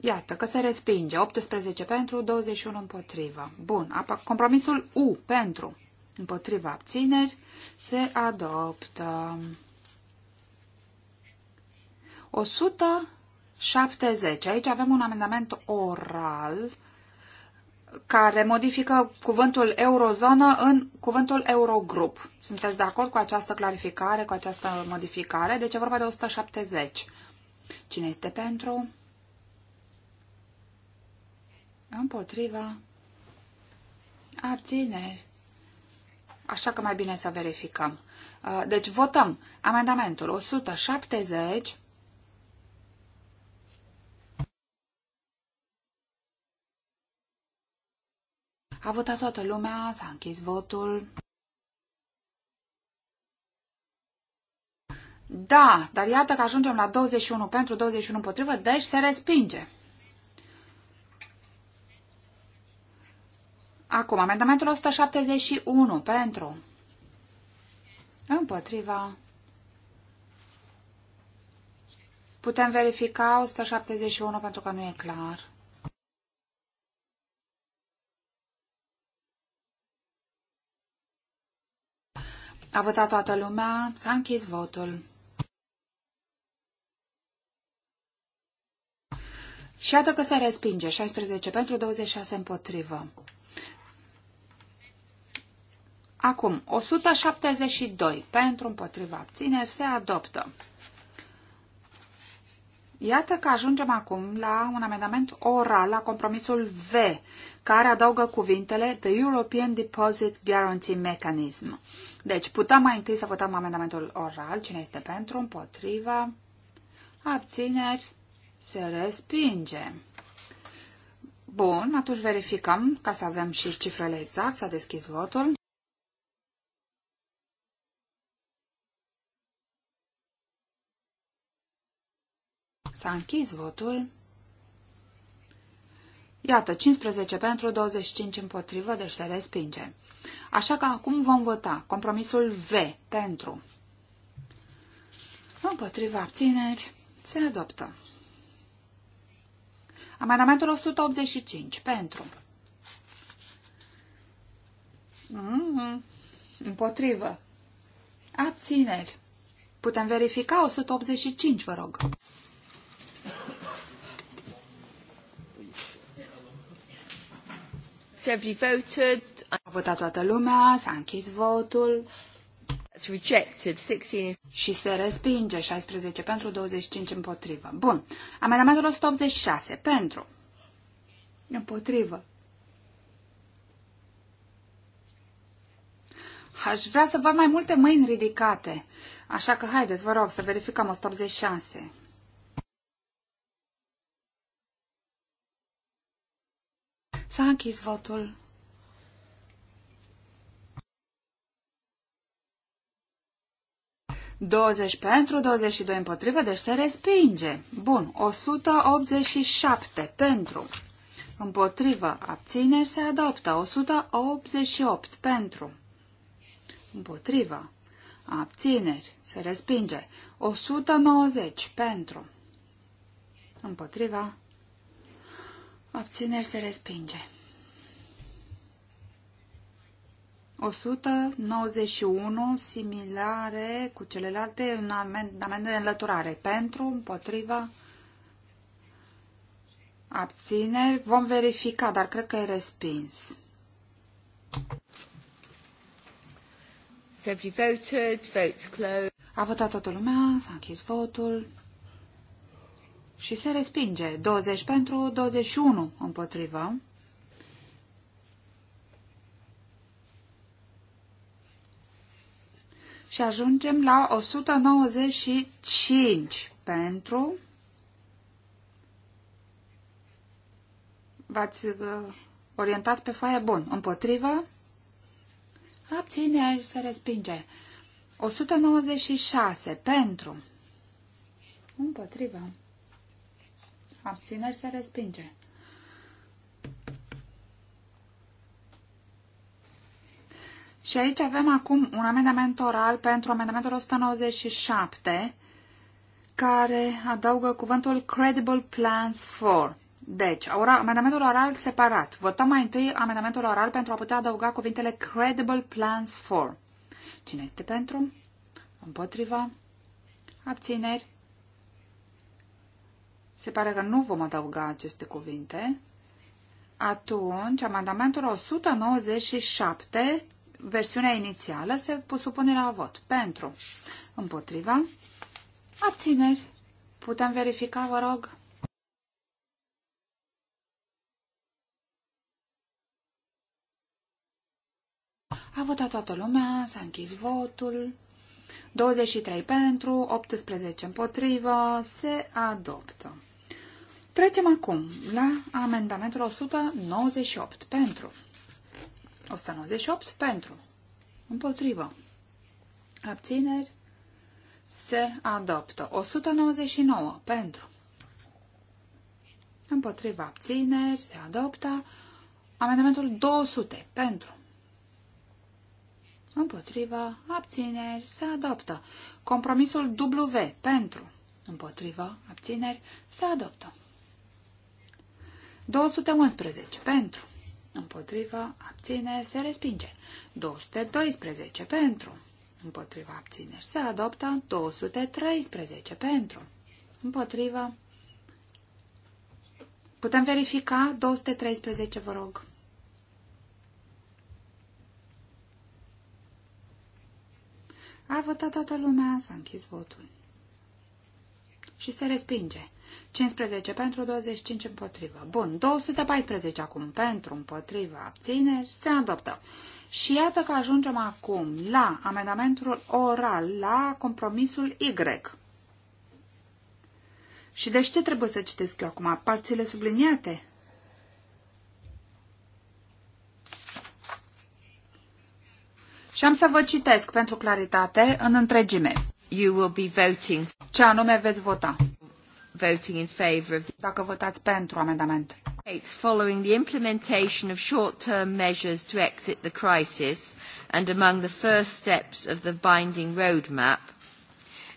Iată că se respinge. 18 pentru, 21 împotriva. Bun, compromisul U pentru, împotriva abțineri, se adoptă. 100 70. Aici avem un amendament oral care modifică cuvântul eurozonă în cuvântul eurogrup. Sunteți de acord cu această clarificare, cu această modificare? Deci e vorba de 170. Cine este pentru? Împotriva. Abține. Așa că mai bine să verificăm. Uh, deci votăm amendamentul 170 A votat toată lumea, s-a închis votul. Da, dar iată că ajungem la 21 pentru 21 împotrivă, deci se respinge. Acum, amendamentul 171 pentru împotriva. Putem verifica 171 pentru că nu e clar. A votat toată lumea, s-a închis votul. Și iată că se respinge, 16 pentru, 26 împotrivă. Acum, 172 pentru împotriva abțineri se adoptă. Iată că ajungem acum la un amendament oral la compromisul V, care adaugă cuvintele The European Deposit Guarantee Mechanism. Deci putem mai întâi să votăm amendamentul oral. Cine este pentru, împotriva, abțineri, se respinge. Bun, atunci verificăm ca să avem și cifrele exact. S-a deschis votul. S-a închis votul. Iată, 15 pentru, 25 împotrivă, deci se respinge. Așa că acum vom vota compromisul V pentru. Împotriva abțineri, se adoptă. Amendamentul 185 pentru. Mm -hmm. Împotrivă. Abțineri. Putem verifica 185, vă rog. A votat toată lumea, s-a închis votul. rejected, 16. Și se respinge 16 pentru 25 împotrivă. Bun. Amendamentul 186 pentru. Împotrivă. Aș vrea să văd mai multe mâini ridicate. Așa că haideți, vă rog, să verificăm 186. închis votul. Douăzeci pentru, doi împotrivă, deci se respinge. Bun, 187 pentru. Împotrivă, abțineri, se adoptă. 188 pentru. Împotrivă, abțineri, se respinge. 190 pentru. Împotriva, abțineri, se respinge. 191 similare cu celelalte în amendă de înlăturare. Pentru, împotriva, abțineri. Vom verifica, dar cred că e respins. Every voted, votes closed. A votat toată lumea, s-a închis votul și se respinge. 20 pentru, 21 împotriva. și ajungem la 195 pentru v-ați uh, orientat pe foaie bun. Împotrivă? Abține, se respinge. 196 pentru. Împotrivă. Abțineri se respinge. Și aici avem acum un amendament oral pentru amendamentul 197, care adaugă cuvântul credible plans for. Deci, ora, amendamentul oral separat. Votăm mai întâi amendamentul oral pentru a putea adăuga cuvintele credible plans for. Cine este pentru? Împotriva? Abțineri? Se pare că nu vom adăuga aceste cuvinte. Atunci, amendamentul 197 versiunea inițială se supune la vot. Pentru, împotriva, abțineri. Putem verifica, vă rog? A votat toată lumea, s-a închis votul. 23 pentru, 18 împotrivă, se adoptă. Trecem acum la amendamentul 198 pentru, 198 pentru. Împotrivă. Abțineri. Se adoptă. 199 pentru. Împotriva abțineri. Se adoptă. Amendamentul 200 pentru. Împotriva abțineri. Se adoptă. Compromisul W pentru. Împotriva abțineri. Se adoptă. 211 pentru împotriva, abțineri, se respinge. 212 pentru, împotriva, abțineri, se adoptă. 213 pentru, împotriva. Putem verifica 213, vă rog. A votat toată lumea, s-a închis votul și se respinge. 15 pentru, 25 împotrivă. Bun, 214 acum pentru, împotrivă, abține, se adoptă. Și iată că ajungem acum la amendamentul oral, la compromisul Y. Și de ce trebuie să citesc eu acum? Parțile subliniate? Și am să vă citesc pentru claritate în întregime you will be voting. Ce anume veți vota? Voting in favor of... Dacă votați pentru amendament. It's following the implementation of short-term measures to exit the crisis and among the first steps of the binding roadmap,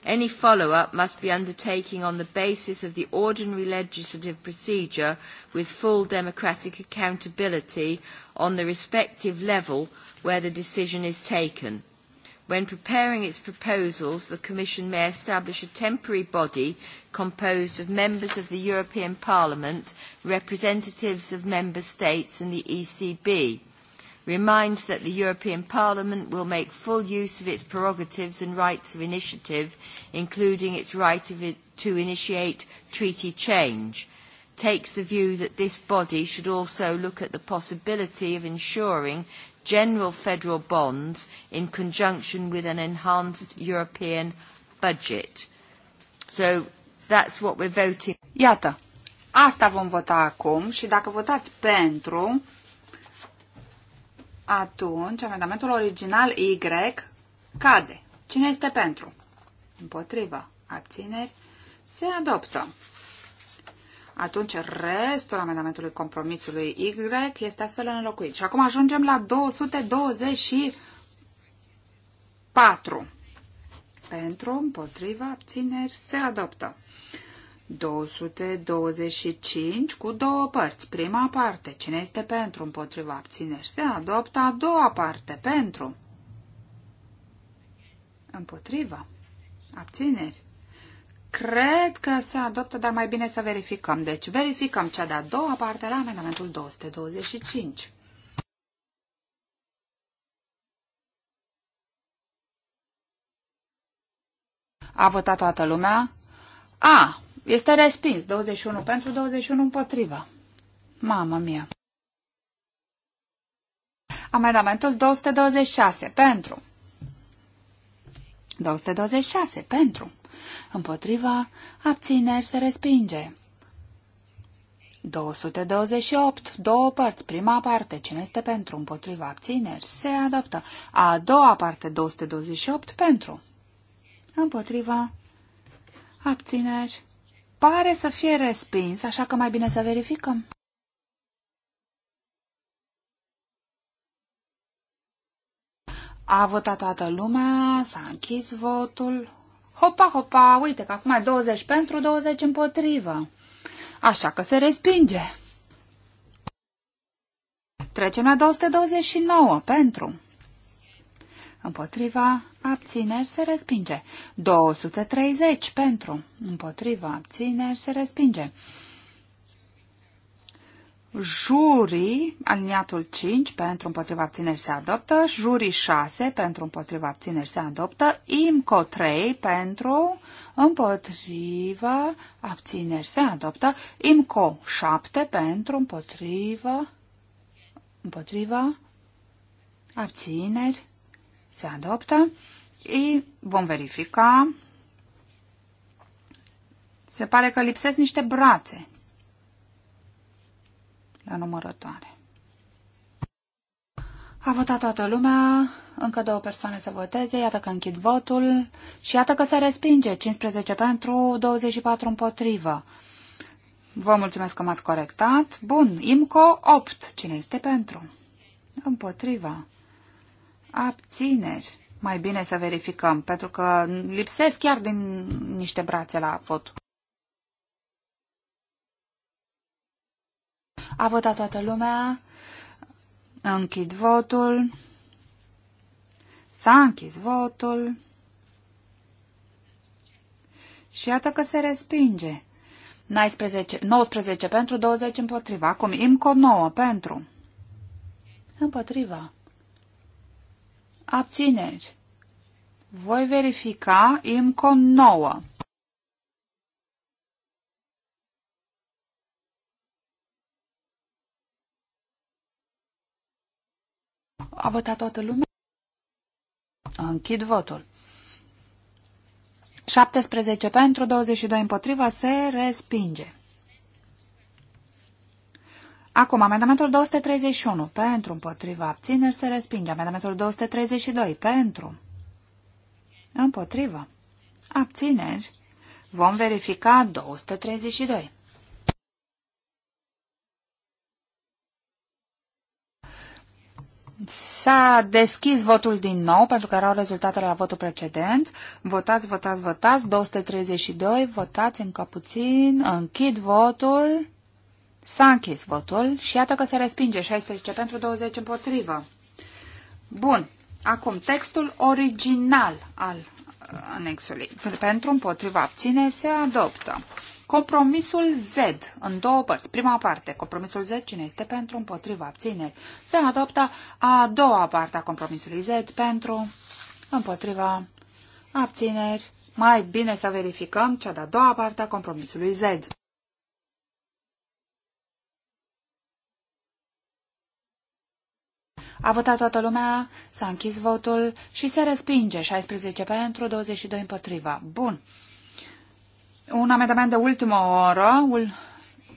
any follow-up must be undertaken on the basis of the ordinary legislative procedure with full democratic accountability on the respective level where the decision is taken. When preparing its proposals, the Commission may establish a temporary body composed of members of the European Parliament, representatives of Member States and the ECB. Reminds that the European Parliament will make full use of its prerogatives and rights of initiative, including its right it to initiate treaty change takes the view that this body should also look at the possibility of ensuring general federal bonds in conjunction with an enhanced European budget. So that's what we're voting. Iată, asta vom vota acum și dacă votați pentru, atunci amendamentul original Y cade. Cine este pentru? Împotriva. Abțineri. Se adoptă. Atunci restul amendamentului compromisului Y este astfel înlocuit. Și acum ajungem la 224. Pentru, împotriva, abțineri, se adoptă. 225 cu două părți. Prima parte, cine este pentru, împotriva, abțineri, se adoptă. A doua parte, pentru, împotriva, abțineri, Cred că se adoptă, dar mai bine să verificăm. Deci verificăm cea de-a doua parte la amendamentul 225. A votat toată lumea? A, este respins. 21 pentru, 21 împotrivă. Mamă mia! Amendamentul 226 pentru. 226 pentru împotriva, abțineri se respinge. 228. Două părți. Prima parte. Cine este pentru? Împotriva abțineri. Se adoptă. A doua parte. 228. Pentru. Împotriva abțineri. Pare să fie respins, așa că mai bine să verificăm. A votat toată lumea, s-a închis votul, Hopa, hopa, uite că acum e 20 pentru, 20 împotrivă. Așa că se respinge. Trecem la 229 pentru. Împotriva abțineri se respinge. 230 pentru. Împotriva abțineri se respinge. Jurii, aliniatul 5 pentru împotriva abțineri se adoptă, jurii 6 pentru împotriva abțineri se adoptă, IMCO 3 pentru împotriva abțineri se adoptă, IMCO 7 pentru împotriva, împotriva abțineri se adoptă. I vom verifica. Se pare că lipsesc niște brațe la numărătoare. A votat toată lumea, încă două persoane să voteze, iată că închid votul și iată că se respinge, 15 pentru, 24 împotrivă. Vă mulțumesc că m-ați corectat. Bun, IMCO 8, cine este pentru? Împotriva. Abțineri. Mai bine să verificăm, pentru că lipsesc chiar din niște brațe la vot. A votat toată lumea. Închid votul. S-a închis votul. Și iată că se respinge. 19, 19 pentru, 20 împotriva. Acum IMCO 9 pentru. Împotriva. Abțineri. Voi verifica IMCO 9. A votat toată lumea? Închid votul. 17 pentru, 22 împotriva, se respinge. Acum, amendamentul 231 pentru, împotriva, abțineri, se respinge. Amendamentul 232 pentru, împotriva, abțineri, vom verifica 232. S-a deschis votul din nou, pentru că erau rezultatele la votul precedent. Votați, votați, votați. 232, votați încă puțin. Închid votul. S-a închis votul și iată că se respinge 16 pentru 20 împotrivă. Bun. Acum, textul original al uh, anexului. Pentru împotriva abțineri se adoptă. Compromisul Z, în două părți. Prima parte, compromisul Z, cine este pentru, împotriva, abțineri. Se adoptă a doua parte a compromisului Z, pentru, împotriva, abțineri. Mai bine să verificăm cea de-a doua parte a compromisului Z. A votat toată lumea, s-a închis votul și se respinge 16 pentru, 22 împotriva. Bun un amendament de ultimă oră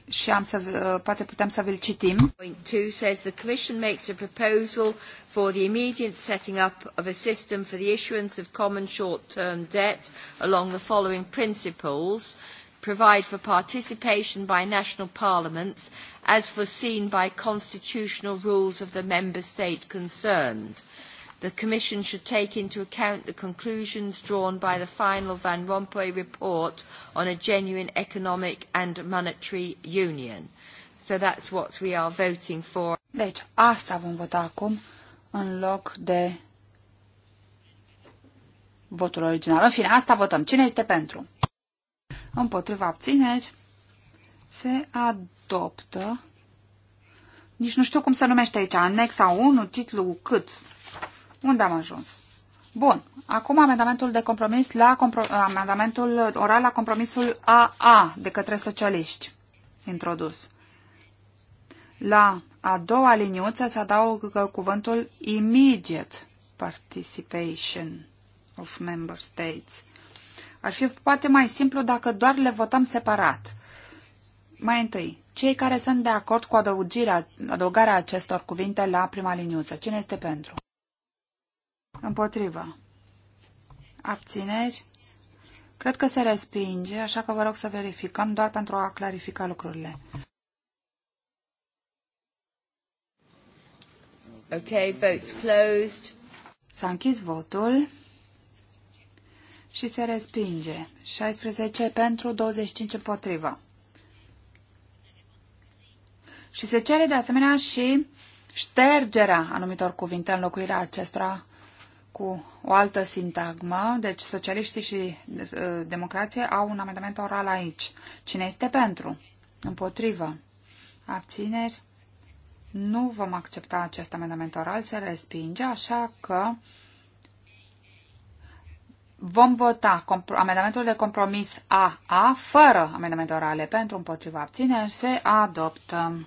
și am să, poate putem să vi-l citim. Point says the Commission makes a proposal for the immediate setting up of a system for the issuance of common short-term debt along the following principles provide for participation by national parliaments as foreseen by constitutional rules of the member state concerned. The Commission should take into account the conclusions drawn by the final Van Rompuy report on a genuine economic and monetary union. So that's what we are voting for. Deci, asta vom vota acum în loc de votul original. În fine, asta votăm. Cine este pentru? Împotriva abțineri se adoptă. Nici nu știu cum se numește aici. Anexa 1, titlul cât? Unde am ajuns? Bun. Acum amendamentul de compromis la compro- amendamentul oral la compromisul AA de către socialiști introdus. La a doua liniuță se adaugă cuvântul immediate participation of member states. Ar fi poate mai simplu dacă doar le votăm separat. Mai întâi, cei care sunt de acord cu adăugirea, adăugarea acestor cuvinte la prima liniuță. Cine este pentru? Împotrivă. Abțineri. Cred că se respinge, așa că vă rog să verificăm doar pentru a clarifica lucrurile. Ok, votes closed. S-a închis votul și se respinge. 16 pentru, 25 împotrivă. Și se cere de asemenea și ștergerea anumitor cuvinte, în locuirea acestora cu o altă sintagmă, deci socialiștii și uh, democrație au un amendament oral aici. Cine este pentru? Împotrivă. Abțineri? Nu vom accepta acest amendament oral, se respinge, așa că vom vota amendamentul de compromis AA fără amendamente orale pentru împotriva abțineri se adoptă.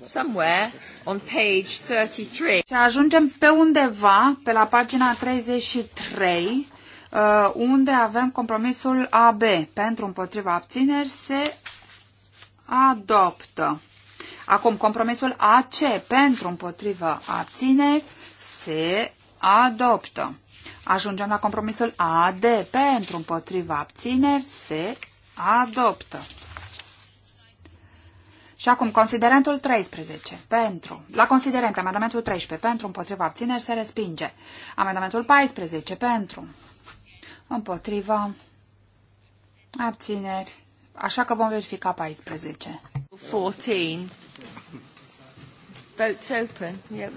somewhere on page 33. Și ajungem pe undeva, pe la pagina 33, uh, unde avem compromisul AB. Pentru împotriva abțineri se adoptă. Acum, compromisul AC pentru împotriva abțineri se adoptă. Ajungem la compromisul AD pentru împotriva abțineri se adoptă. Și acum, considerentul 13, pentru. La considerent, amendamentul 13, pentru, împotriva, abțineri, se respinge. Amendamentul 14, pentru, împotriva, abțineri. Așa că vom verifica 14. 14. Vote's open. Yep,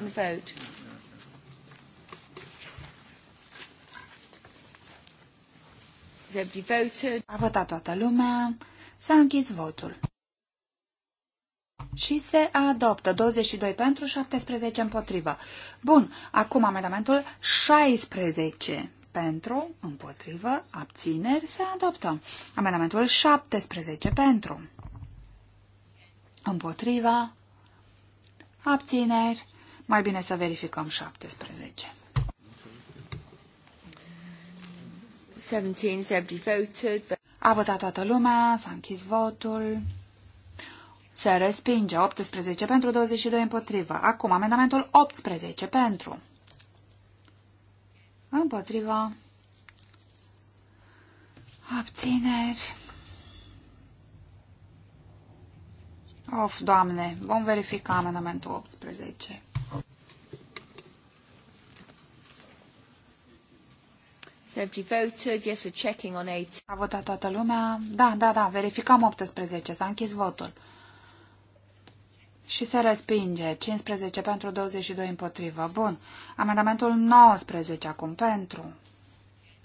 the vote. A votat toată lumea. S-a închis votul și se adoptă 22 pentru, 17 împotrivă. Bun, acum amendamentul 16 pentru, împotrivă, abțineri, se adoptă. Amendamentul 17 pentru, împotrivă, abțineri, mai bine să verificăm 17. 17 A votat toată lumea, s-a închis votul. Se respinge 18 pentru 22 împotrivă. Acum amendamentul 18 pentru. Împotriva. Abțineri. Of, doamne, vom verifica amendamentul 18. So if you voted, yes, we're checking on 8. A votat toată lumea? Da, da, da, verificăm 18. S-a închis votul și se respinge. 15 pentru 22 împotrivă. Bun. Amendamentul 19 acum pentru.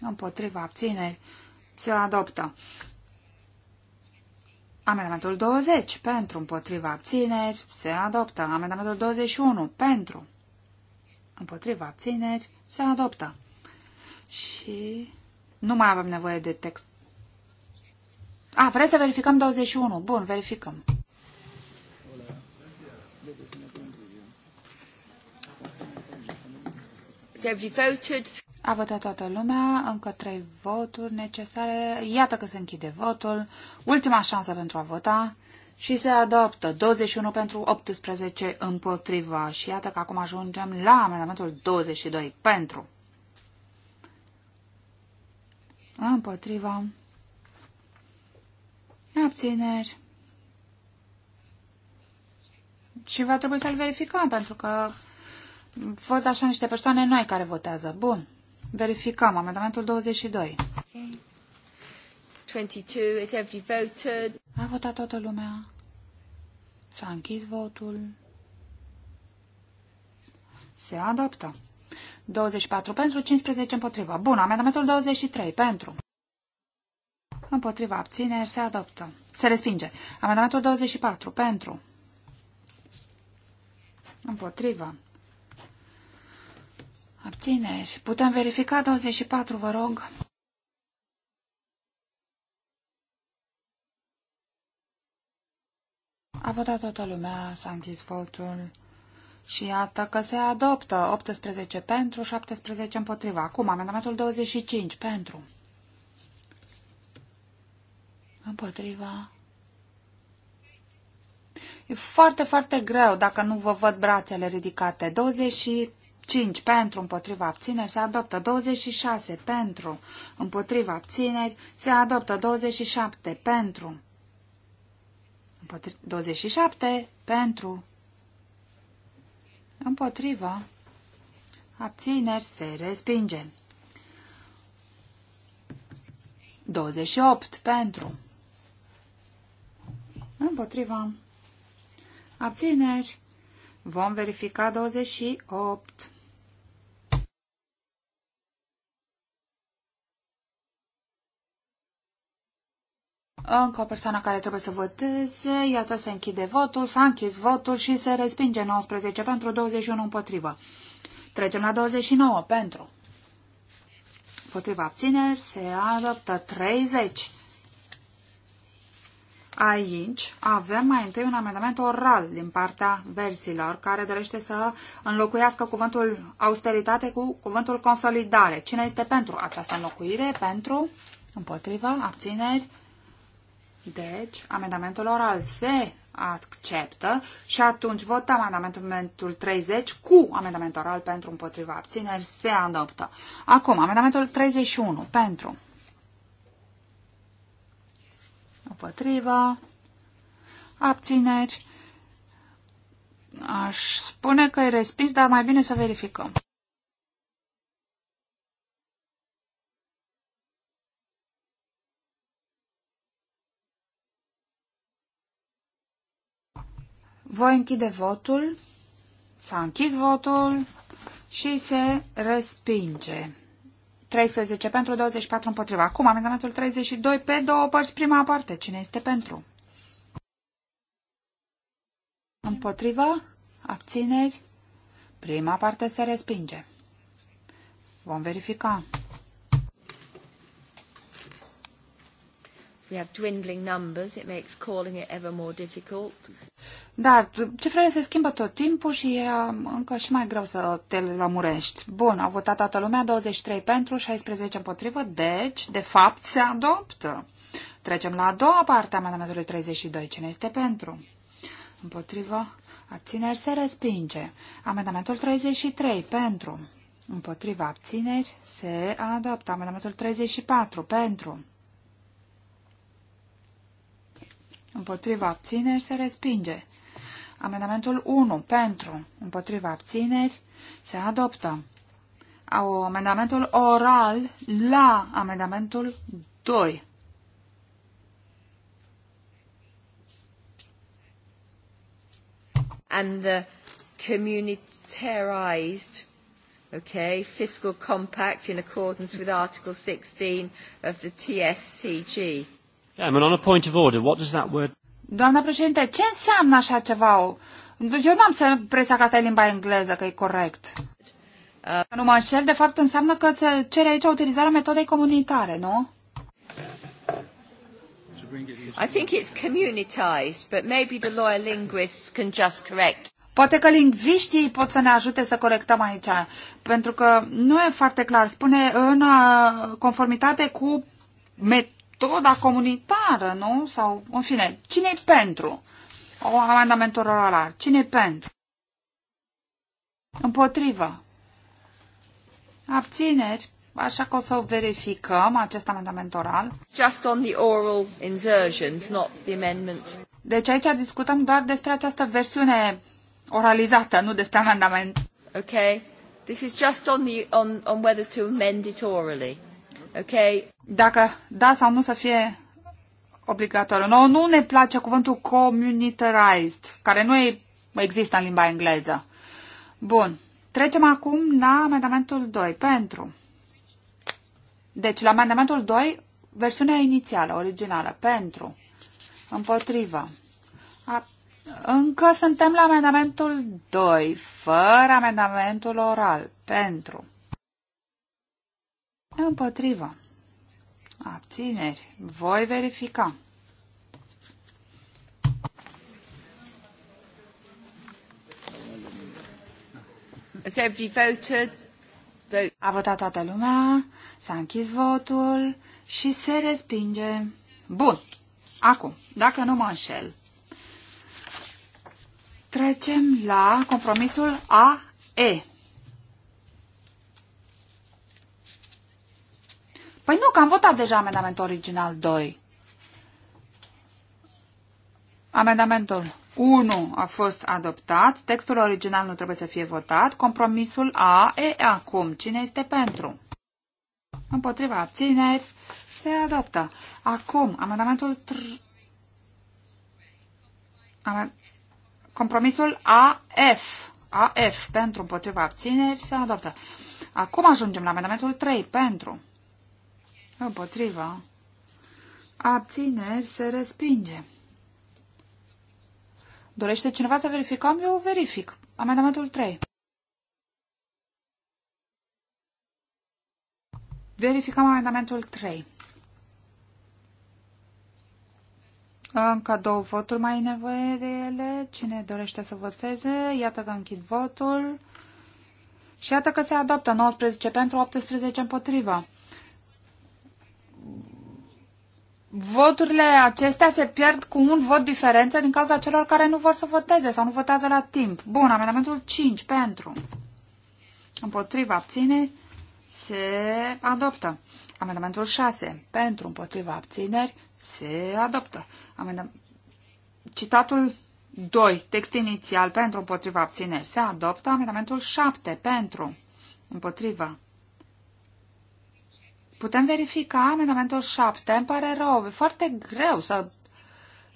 Împotriva abțineri. Se adoptă. Amendamentul 20 pentru împotriva abțineri. Se adoptă. Amendamentul 21 pentru împotriva abțineri. Se adoptă. Și nu mai avem nevoie de text. A, vreți să verificăm 21. Bun, verificăm. A votat toată lumea, încă trei voturi necesare. Iată că se închide votul. Ultima șansă pentru a vota și se adoptă 21 pentru 18 împotriva. Și iată că acum ajungem la amendamentul 22 pentru împotriva abțineri. Și va trebui să-l verificăm pentru că Văd așa niște persoane noi care votează. Bun. Verificăm. Amendamentul 22. Okay. 22. It's every voted. A votat toată lumea. S-a închis votul. Se adoptă. 24 pentru, 15 împotriva. Bun, amendamentul 23 pentru. Împotriva abțineri se adoptă. Se respinge. Amendamentul 24 pentru. Împotriva Abțineri. Putem verifica 24, vă rog. A votat toată lumea, s-a închis votul. Și iată că se adoptă 18 pentru, 17 împotriva. Acum, amendamentul 25 pentru. Împotriva. E foarte, foarte greu dacă nu vă văd brațele ridicate. 25. 5 pentru împotriva abțineri se adoptă 26 pentru împotriva abțineri se adoptă 27 pentru 27 pentru împotriva abțineri se respinge 28 pentru împotriva abțineri vom verifica 28 Încă o persoană care trebuie să voteze, iată se închide votul, s-a închis votul și se respinge 19 pentru 21 împotrivă. Trecem la 29 pentru. Potriva abțineri se adoptă 30. Aici avem mai întâi un amendament oral din partea versilor care dorește să înlocuiască cuvântul austeritate cu cuvântul consolidare. Cine este pentru această înlocuire? Pentru, împotriva, abțineri, deci, amendamentul oral se acceptă și atunci votăm amendamentul 30 cu amendamentul oral pentru împotriva abțineri se adoptă. Acum, amendamentul 31 pentru împotriva abțineri aș spune că e respins, dar mai bine să verificăm. Voi închide votul. S-a închis votul și se respinge. 13 pentru, 24 împotriva. Acum, amendamentul 32 pe două părți, prima parte. Cine este pentru? Împotriva? Abțineri? Prima parte se respinge. Vom verifica. We have dwindling numbers, it makes calling it ever more difficult. Da, cifrele se schimbă tot timpul și e um, încă și mai greu să te lămurești. Bun, a votat toată lumea, 23 pentru, 16 împotrivă, deci, de fapt, se adoptă. Trecem la a doua parte a amendamentului 32. Cine este pentru? Împotrivă, abțineri, se respinge. Amendamentul 33, pentru. Împotrivă abțineri se adoptă amendamentul 34 pentru. împotriva abțineri se respinge. Amendamentul 1 pentru, împotriva abțineri se adoptă. Au amendamentul oral la amendamentul 2. And the communitarized okay, fiscal compact in accordance with Article 16 of the TSCG. Doamna președinte, ce înseamnă așa ceva? Eu nu am să presa că asta e limba engleză, că e corect. Uh, nu mă înșel, de fapt înseamnă că se cere aici utilizarea metodei comunitare, nu? I think it's communitized, but maybe the lawyer linguists can just correct. Poate că lingviștii pot să ne ajute să corectăm aici, pentru că nu e foarte clar. Spune în uh, conformitate cu met metoda comunitară, nu? Sau, în fine, cine e pentru? O amendament oral. cine e pentru? Împotrivă. Abțineri. Așa că o să verificăm acest amendament oral. Just on the oral insertions, not the amendment. Deci aici discutăm doar despre această versiune oralizată, nu despre amendament. Okay. This is just on the on on whether to amend it orally. Okay. Dacă da sau nu să fie obligatoriu. No, nu ne place cuvântul communitarized, care nu e, există în limba engleză. Bun. Trecem acum la amendamentul 2. Pentru. Deci, la amendamentul 2, versiunea inițială, originală. Pentru. Împotrivă. A, încă suntem la amendamentul 2, fără amendamentul oral. Pentru. Împotrivă. Abțineri. Voi verifica. A votat toată lumea, s-a închis votul și se respinge. Bun. Acum, dacă nu mă înșel, trecem la compromisul A-E. Păi nu, că am votat deja amendamentul original 2. Amendamentul 1 a fost adoptat, textul original nu trebuie să fie votat, compromisul A e acum. Cine este pentru? Împotriva abțineri se adoptă. Acum, amendamentul tr... Amen... Compromisul AF. AF pentru împotriva abțineri se adoptă. Acum ajungem la amendamentul 3 pentru Împotriva. Abțineri se respinge. Dorește cineva să verificăm? Eu verific. Amendamentul 3. Verificăm amendamentul 3. Încă două voturi mai e nevoie de ele. Cine dorește să voteze? Iată că închid votul. Și iată că se adoptă 19 pentru 18 împotriva. voturile acestea se pierd cu un vot diferență din cauza celor care nu vor să voteze sau nu votează la timp. Bun, amendamentul 5 pentru. Împotriva abține se adoptă. Amendamentul 6 pentru împotriva abțineri se adoptă. Amendam... Citatul 2, text inițial pentru împotriva abțineri se adoptă. Amendamentul 7 pentru împotriva Putem verifica amendamentul 7. Îmi pare rău, e foarte greu să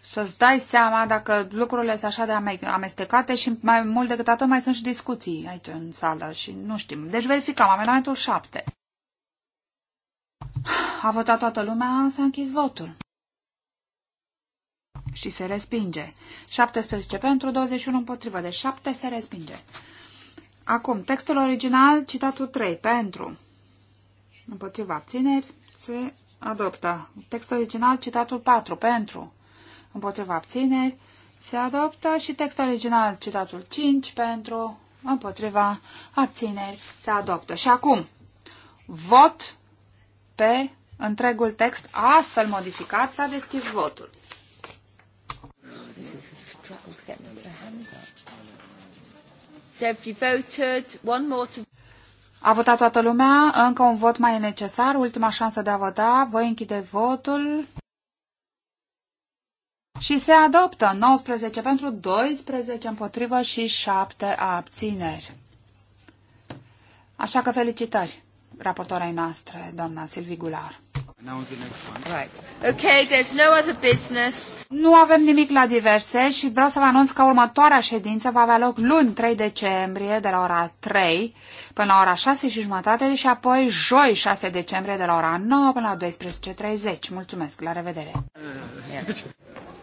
să-ți dai seama dacă lucrurile sunt așa de amestecate și mai mult decât atât mai sunt și discuții aici în sală și nu știm. Deci verificăm amendamentul 7. A votat toată lumea, s-a închis votul. Și se respinge. 17 pentru, 21 împotrivă. Deci 7 se respinge. Acum, textul original, citatul 3, pentru. Împotriva abțineri se adoptă. Text original, citatul 4, pentru. Împotriva abțineri se adoptă și text original, citatul 5, pentru. Împotriva abțineri se adoptă. Și acum, vot pe întregul text astfel modificat, s-a deschis votul. So if you voted, one more to... A votat toată lumea, încă un vot mai e necesar, ultima șansă de a vota, voi închide votul. Și se adoptă 19 pentru 12 împotrivă și 7 abțineri. Așa că felicitări! raportoarei noastre, doamna Silvi Gular. Okay, there's no other business. Nu avem nimic la diverse și vreau să vă anunț că următoarea ședință va avea loc luni 3 decembrie de la ora 3 până la ora 6 și jumătate și apoi joi 6 decembrie de la ora 9 până la 12.30. Mulțumesc, la revedere! Yeah.